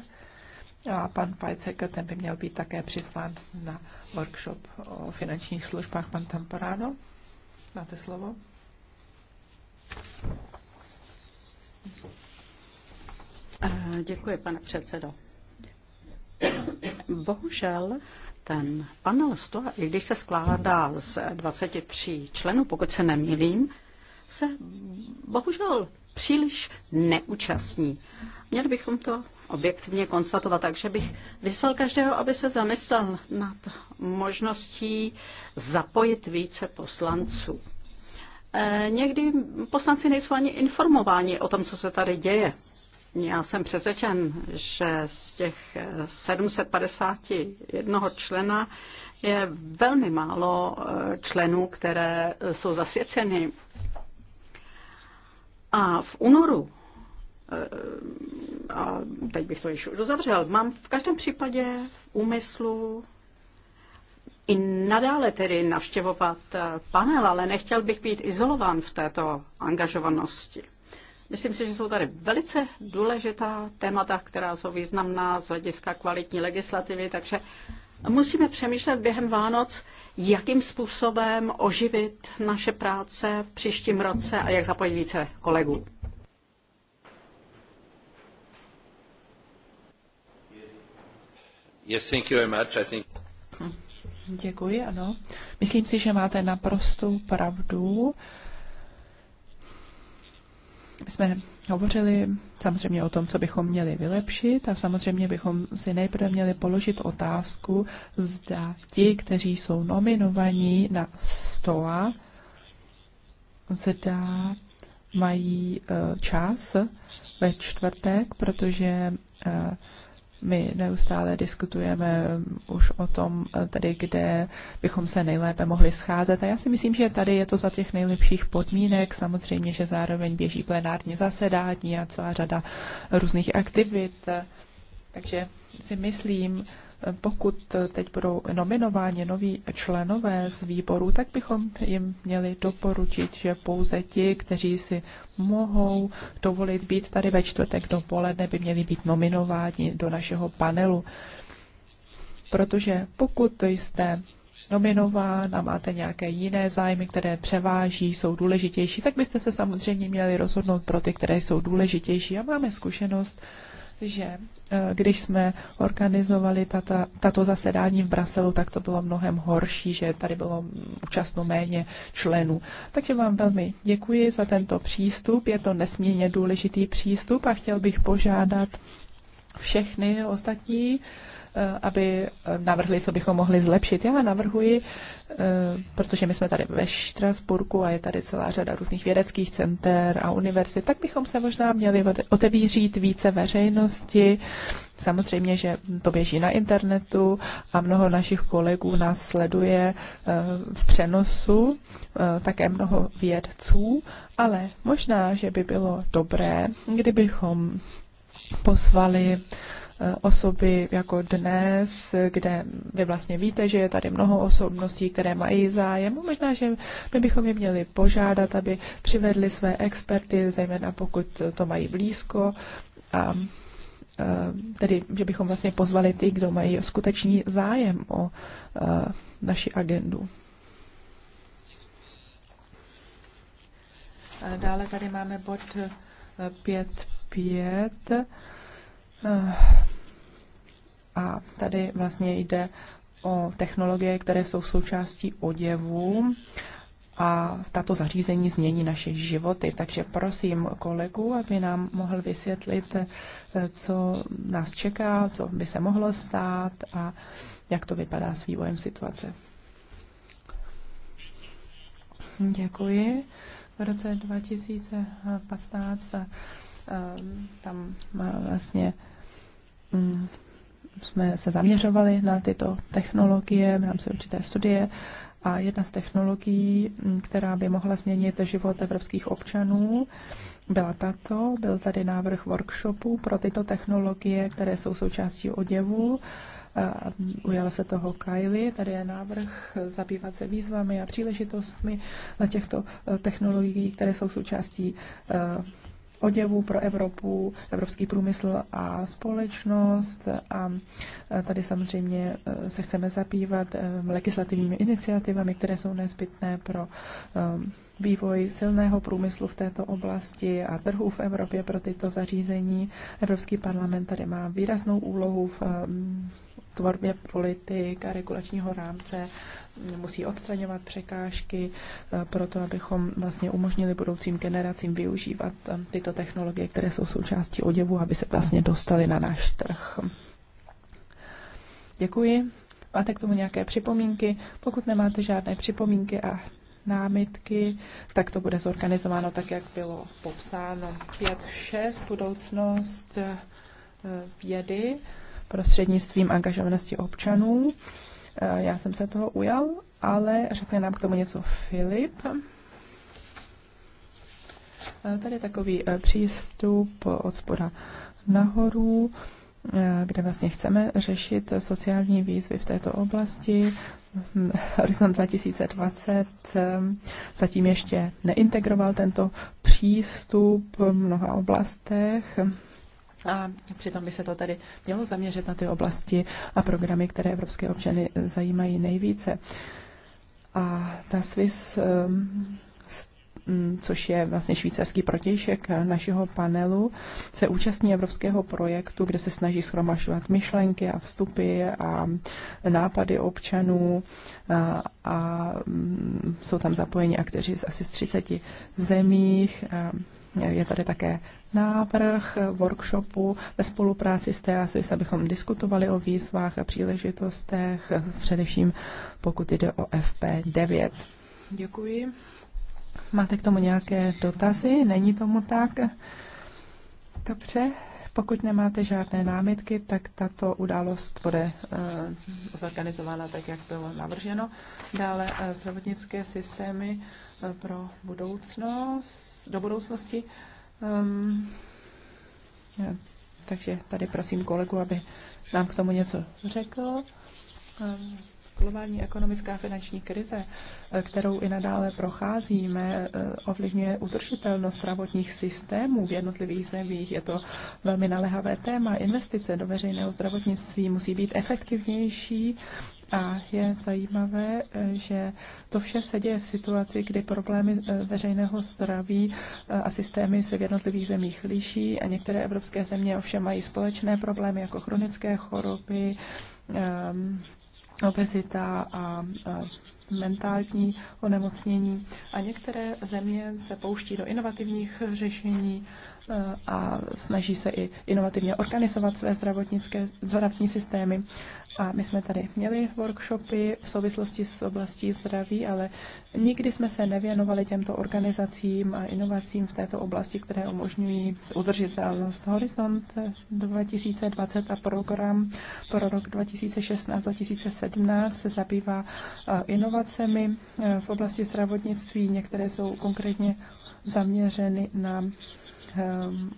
A pan Pajcek, ten by měl být také přizván na workshop o finančních službách. Pan Tamparáno, máte slovo. Eh, děkuji, pane předsedo. Bohužel ten panel 100, i když se skládá z 23 členů, pokud se nemýlím, se bohužel příliš neúčastní. Měli bychom to objektivně konstatovat, takže bych vyslal každého, aby se zamyslel nad možností zapojit více poslanců. E, někdy poslanci nejsou ani informováni o tom, co se tady děje. Já jsem přesvědčen, že z těch 751 člena je velmi málo e, členů, které jsou zasvěceny a v únoru, eh, a teď bych to již dozavřel, mám v každém případě v úmyslu i nadále tedy navštěvovat eh, panel, ale nechtěl bych být izolován v této angažovanosti. Myslím si, že jsou tady velice důležitá témata, která jsou významná z hlediska kvalitní legislativy, takže musíme přemýšlet během Vánoc, jakým způsobem oživit naše práce v příštím roce a jak zapojit více kolegů. Yes, thank you very much. I think... Děkuji, ano. Myslím si, že máte naprostou pravdu. My jsme hovořili samozřejmě o tom, co bychom měli vylepšit a samozřejmě bychom si nejprve měli položit otázku, zda ti, kteří jsou nominovaní na STOA, zda mají eh, čas ve čtvrtek, protože eh, my neustále diskutujeme um, už o tom, eh, tady, kde bychom se nejlépe mohli scházet. A já si myslím, že tady je to za těch nejlepších podmínek. Samozřejmě, že zároveň běží plenární zasedání a celá řada různých aktivit. Takže si myslím, pokud teď budou nominováni noví členové z výboru, tak bychom jim měli doporučit, že pouze ti, kteří si mohou dovolit být tady ve čtvrtek dopoledne, by měli být nominováni do našeho panelu. Protože pokud jste nominován a máte nějaké jiné zájmy, které převáží, jsou důležitější, tak byste se samozřejmě měli rozhodnout pro ty, které jsou důležitější. A máme zkušenost že eh, když jsme organizovali tato, tato zasedání v Bruselu, tak to bylo mnohem horší, že tady bylo účastno méně členů. Takže vám velmi děkuji za tento přístup. Je to nesmírně důležitý přístup a chtěl bych požádat všechny ostatní, Eh, aby navrhli, co bychom mohli zlepšit. Já navrhuji, eh, protože my jsme tady ve Štrasburku a je tady celá řada různých vědeckých center a univerzit, tak bychom se možná měli otevířít více veřejnosti. Samozřejmě, že to běží na internetu a mnoho našich kolegů nás sleduje eh, v přenosu, také mnoho vědců, ale možná, že by bylo dobré, kdybychom pozvali uh, Eh, osoby jako dnes, kde vy vlastně víte, že je tady mnoho osobností, které mají zájem. No, možná, že my bychom je měli požádat, aby přivedli své experty, zejména pokud to mají blízko. A eh, tedy, že bychom vlastně pozvali ty, kdo mají skutečný zájem o eh, naši agendu. Dále tady máme bod 5.5 a tady vlastně jde o technologie, které jsou součástí oděvů a tato zařízení změní naše životy. Takže prosím kolegu, aby nám mohl vysvětlit, eh, co nás čeká, co by se mohlo stát a jak to vypadá s vývojem situace. Děkuji. V roce 2015 Ehm, tam eh, vlastně mm, jsme se zaměřovali na tyto technologie v rámci určité studie a jedna z technologií, mm, která by mohla změnit život evropských občanů, byla tato. Byl tady návrh workshopu pro tyto technologie, které jsou součástí oděvu. Eh, ujala se toho Kylie. Tady je návrh zabývat se výzvami a příležitostmi na těchto eh, technologií, které jsou součástí oděvů pro Evropu, evropský průmysl a společnost. A e, tady samozřejmě e, se chceme zabývat e, legislativními iniciativami, které jsou nezbytné pro vývoj silného průmyslu v této oblasti a trhu v Evropě pro tyto zařízení. Evropský parlament tady má výraznou úlohu v tvorbě politik a regulačního rámce musí odstraňovat překážky eh, proto, abychom vlastně umožnili budoucím generacím využívat eh, tyto technologie, které jsou součástí oděvu, aby se vlastně dostali na náš trh. Děkuji. Máte k tomu nějaké připomínky? Pokud nemáte žádné připomínky a námitky, tak to bude zorganizováno tak, jak bylo popsáno. 5.6. Budoucnost eh, vědy prostřednictvím angažovanosti občanů. Eh, já jsem se toho ujal, ale řekne nám k tomu něco Filip. Eh, tady je takový eh, přístup od spoda nahoru, kde vlastně chceme řešit sociální výzvy v této oblasti. Hm, Horizont 2020 zatím ještě neintegroval tento přístup v mnoha oblastech. A přitom by se to tady mělo zaměřit na ty oblasti a programy, které evropské občany zajímají nejvíce. A ta SWIS, ehm, mm, což je vlastně švýcarský protějšek našeho panelu, se účastní evropského projektu, kde se snaží schromažovat myšlenky a vstupy a nápady občanů a, a mm, jsou tam zapojeni akteři z asi z 30 zemích. A, je tady také návrh workshopu ve spolupráci s TASIS, abychom diskutovali o výzvách a příležitostech, především pokud jde o FP9. Děkuji. Máte k tomu nějaké dotazy? Není tomu tak? Dobře, pokud nemáte žádné námitky, tak tato událost bude eh, zorganizována tak, jak bylo navrženo. Dále eh, zdravotnické systémy pro budoucnost, do budoucnosti. Um, takže tady prosím kolegu, aby nám k tomu něco řekl. Um, globální ekonomická finanční krize, eh, kterou i nadále procházíme, eh, ovlivňuje udržitelnost zdravotních systémů v jednotlivých zemích. Je to velmi naléhavé téma. Investice do veřejného zdravotnictví musí být efektivnější a je zajímavé, eh, že to vše se děje v situaci, kdy problémy eh, veřejného zdraví eh, a systémy se v jednotlivých zemích liší a některé evropské země ovšem mají společné problémy jako chronické choroby, ehm, obezita a mentální onemocnění. A některé země se pouští do inovativních řešení a snaží se i inovativně organizovat své zdravotnické, zdravotní systémy. A my jsme tady měli workshopy v souvislosti s oblastí zdraví, ale nikdy jsme se nevěnovali těmto organizacím a inovacím v této oblasti, které umožňují udržitelnost. Horizont 2020 a program pro rok 2016-2017 se zabývá inovacemi v oblasti zdravotnictví. Některé jsou konkrétně zaměřeny na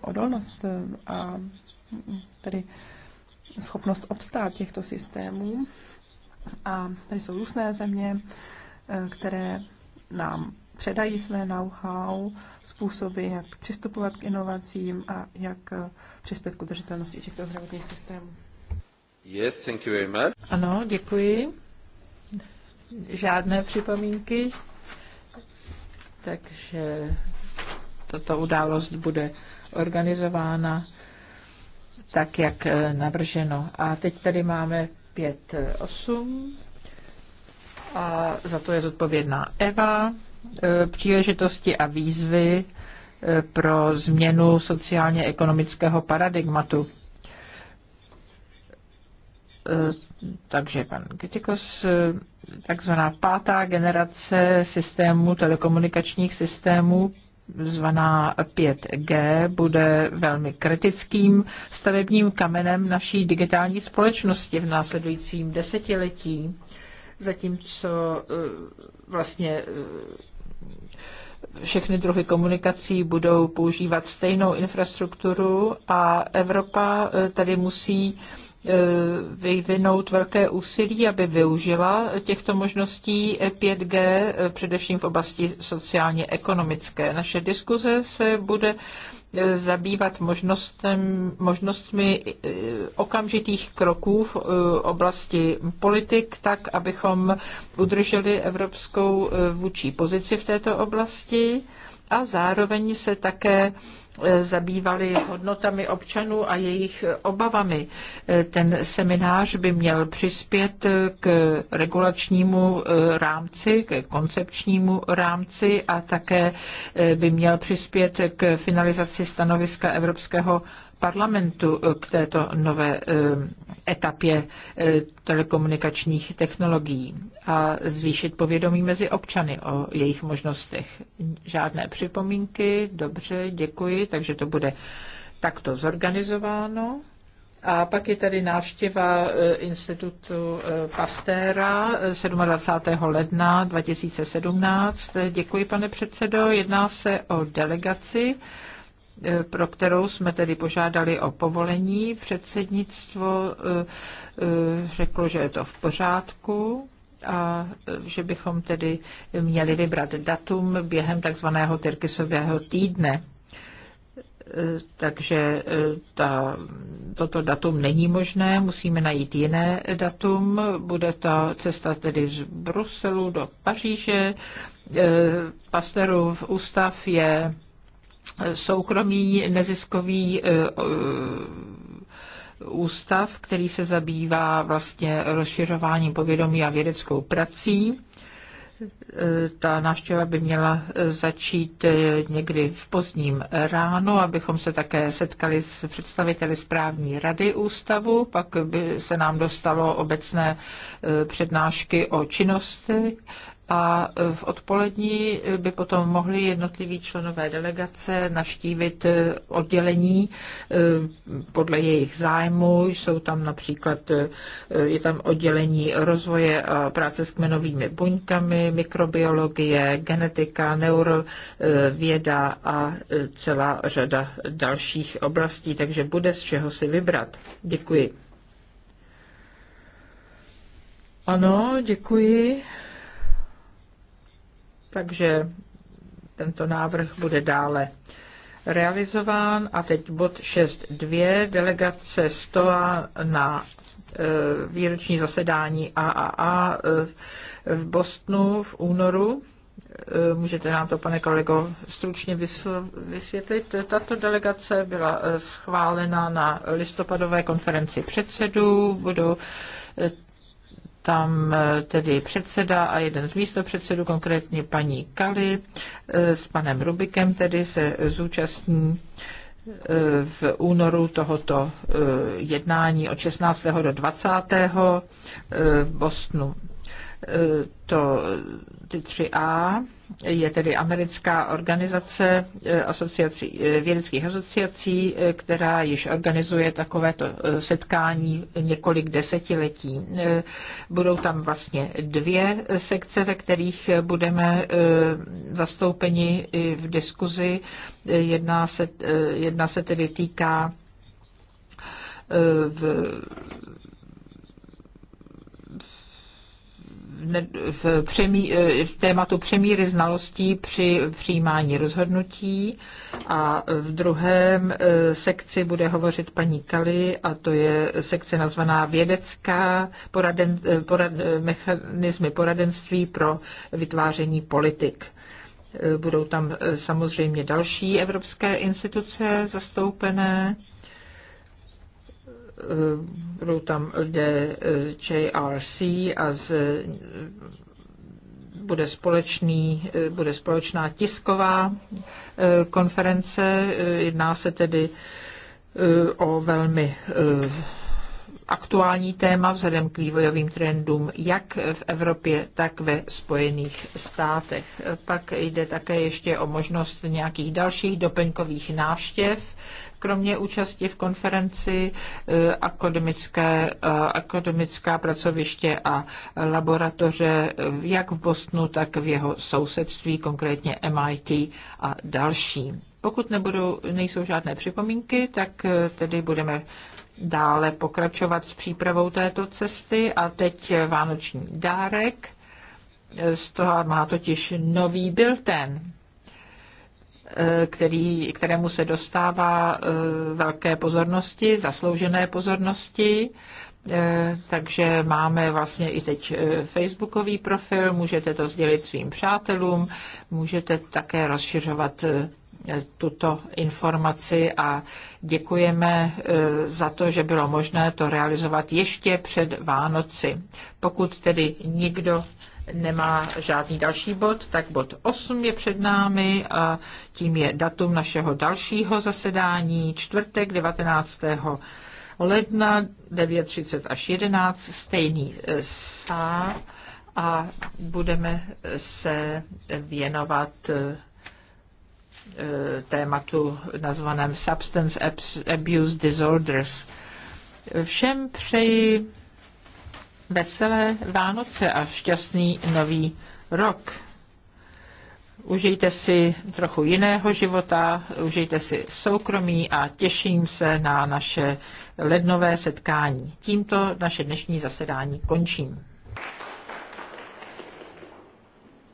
odolnost a tedy schopnost obstát těchto systémů. A tady jsou různé země, eh, které nám předají své know-how, způsoby, jak přistupovat k inovacím a jak eh, přispět k udržitelnosti těchto zdravotních systémů. Yes, thank you very much. Ano, děkuji. Žádné připomínky. Takže tato událost bude organizována tak, jak eh, navrženo. A teď tady máme 5.8 eh, a za to je zodpovědná Eva. Eh, příležitosti a výzvy pro změnu sociálně-ekonomického paradigmatu. Takže pan Kytikos, takzvaná pátá generace systému, telekomunikačních systémů zvaná 5G bude velmi kritickým stavebním kamenem naší digitální společnosti v následujícím desetiletí, zatímco eh, vlastně eh, všechny druhy komunikací budou používat stejnou infrastrukturu a Evropa eh, tady musí Eh, vyvinout velké úsilí, aby využila těchto možností 5G, eh, především v oblasti sociálně-ekonomické. Naše diskuze se bude eh, zabývat možnostem, možnostmi okamžitých kroků v oblasti politik, tak abychom udrželi evropskou vůči pozici v této oblasti a zároveň se také e, zabývali hodnotami občanů a jejich obavami. E, ten seminář by měl přispět k regulačnímu e, rámci, k koncepčnímu rámci a také by měl přispět k finalizaci stanoviska Evropského parlamentu eh, k této nové eh, etapě eh, telekomunikačních technologií a zvýšit povědomí mezi občany o jejich možnostech. Žádné připomínky, dobře, děkuji, takže to bude takto zorganizováno. A pak je tady návštěva institutu Pastéra 27. ledna 2017. Děkuji, pane předsedo. Jedná se o delegaci Eh, pro kterou jsme tedy požádali o povolení. Předsednictvo eh, eh, řeklo, že je to v pořádku a že bychom tedy měli vybrat datum během takzvaného Tyrkisového týdne takže ta, toto datum není možné, musíme najít jiné datum. Bude ta cesta tedy z Bruselu do Paříže. Pasterův ústav je soukromý neziskový e, e, ústav, který se zabývá vlastně rozšiřováním povědomí a vědeckou prací. E, ta návštěva by měla začít někdy v pozdním ráno, abychom se také setkali s představiteli správní rady ústavu. Pak by se nám dostalo obecné přednášky o činnosti a v odpolední by potom mohli jednotliví členové delegace navštívit eh, oddělení eh, podle jejich zájmu. Jsou tam například, eh, je tam oddělení rozvoje a práce s kmenovými buňkami, mikrobiologie, genetika, neurověda a celá řada dalších oblastí, takže bude z čeho si vybrat. Děkuji. Ano, děkuji. Takže tento návrh bude dále realizován. A teď bod 6.2. Delegace stoa na e, výroční zasedání AAA e, v Bostonu v únoru. E, můžete nám to, pane kolego, stručně vysvětlit. Tato delegace byla schválena na listopadové konferenci předsedů. Budou tam eh, tedy předseda a jeden z místopředsedů, konkrétně paní Kali, eh, s panem Rubikem tedy se zúčastní eh, v únoru tohoto jednání od 16. do 20. v Bostonu to, ty 3A je tedy americká organizace eh, asociací, eh, vědeckých asociací, eh, která již organizuje takovéto setkání několik desetiletí. Budou tam vlastně dvě sekce, ve kterých budeme zastoupeni v diskuzi. Jedna se, jedna se tedy týká v v, přemí, eh, v tématu přemíry znalostí při přijímání rozhodnutí a v druhém eh, sekci bude hovořit paní Kali a to je sekce nazvaná vědecká poraden, eh, porad, mechanizmy poradenství pro vytváření politik. Budou tam samozřejmě další evropské instituce zastoupené. Eh, budou tam lidé eh, JRC a z, bude, společný, eh, bude společná tisková konference. Jedná se tedy o velmi aktuální téma vzhledem k vývojovým trendům jak v Evropě, tak ve Spojených státech. Pak jde také ještě o možnost nějakých dalších doplňkových návštěv kromě účasti v konferenci eh, akademické, eh, akademická pracoviště a laboratoře jak v Bostonu, tak v jeho sousedství, konkrétně MIT a další. Pokud nebudou, nejsou žádné připomínky, tak eh, tedy budeme dále pokračovat s přípravou této cesty a teď vánoční dárek. Z toho má totiž nový bilten který, kterému se dostává eh, velké pozornosti, zasloužené pozornosti. Eh, takže máme vlastně i teď eh, facebookový profil, můžete to sdělit svým přátelům, můžete také rozšiřovat tuto informaci a děkujeme za to, že bylo možné to realizovat ještě před Vánoci. Pokud tedy nikdo nemá žádný další bod, tak bod 8 je před námi a tím je datum našeho dalšího zasedání, čtvrtek 19 ledna 9.30 až 11, stejný e, sál a budeme se věnovat e, tématu nazvaném Substance Abuse Disorders. Všem přeji veselé Vánoce a šťastný nový rok. Užijte si trochu jiného života, užijte si soukromí a těším se na naše lednové setkání. Tímto naše dnešní zasedání končím.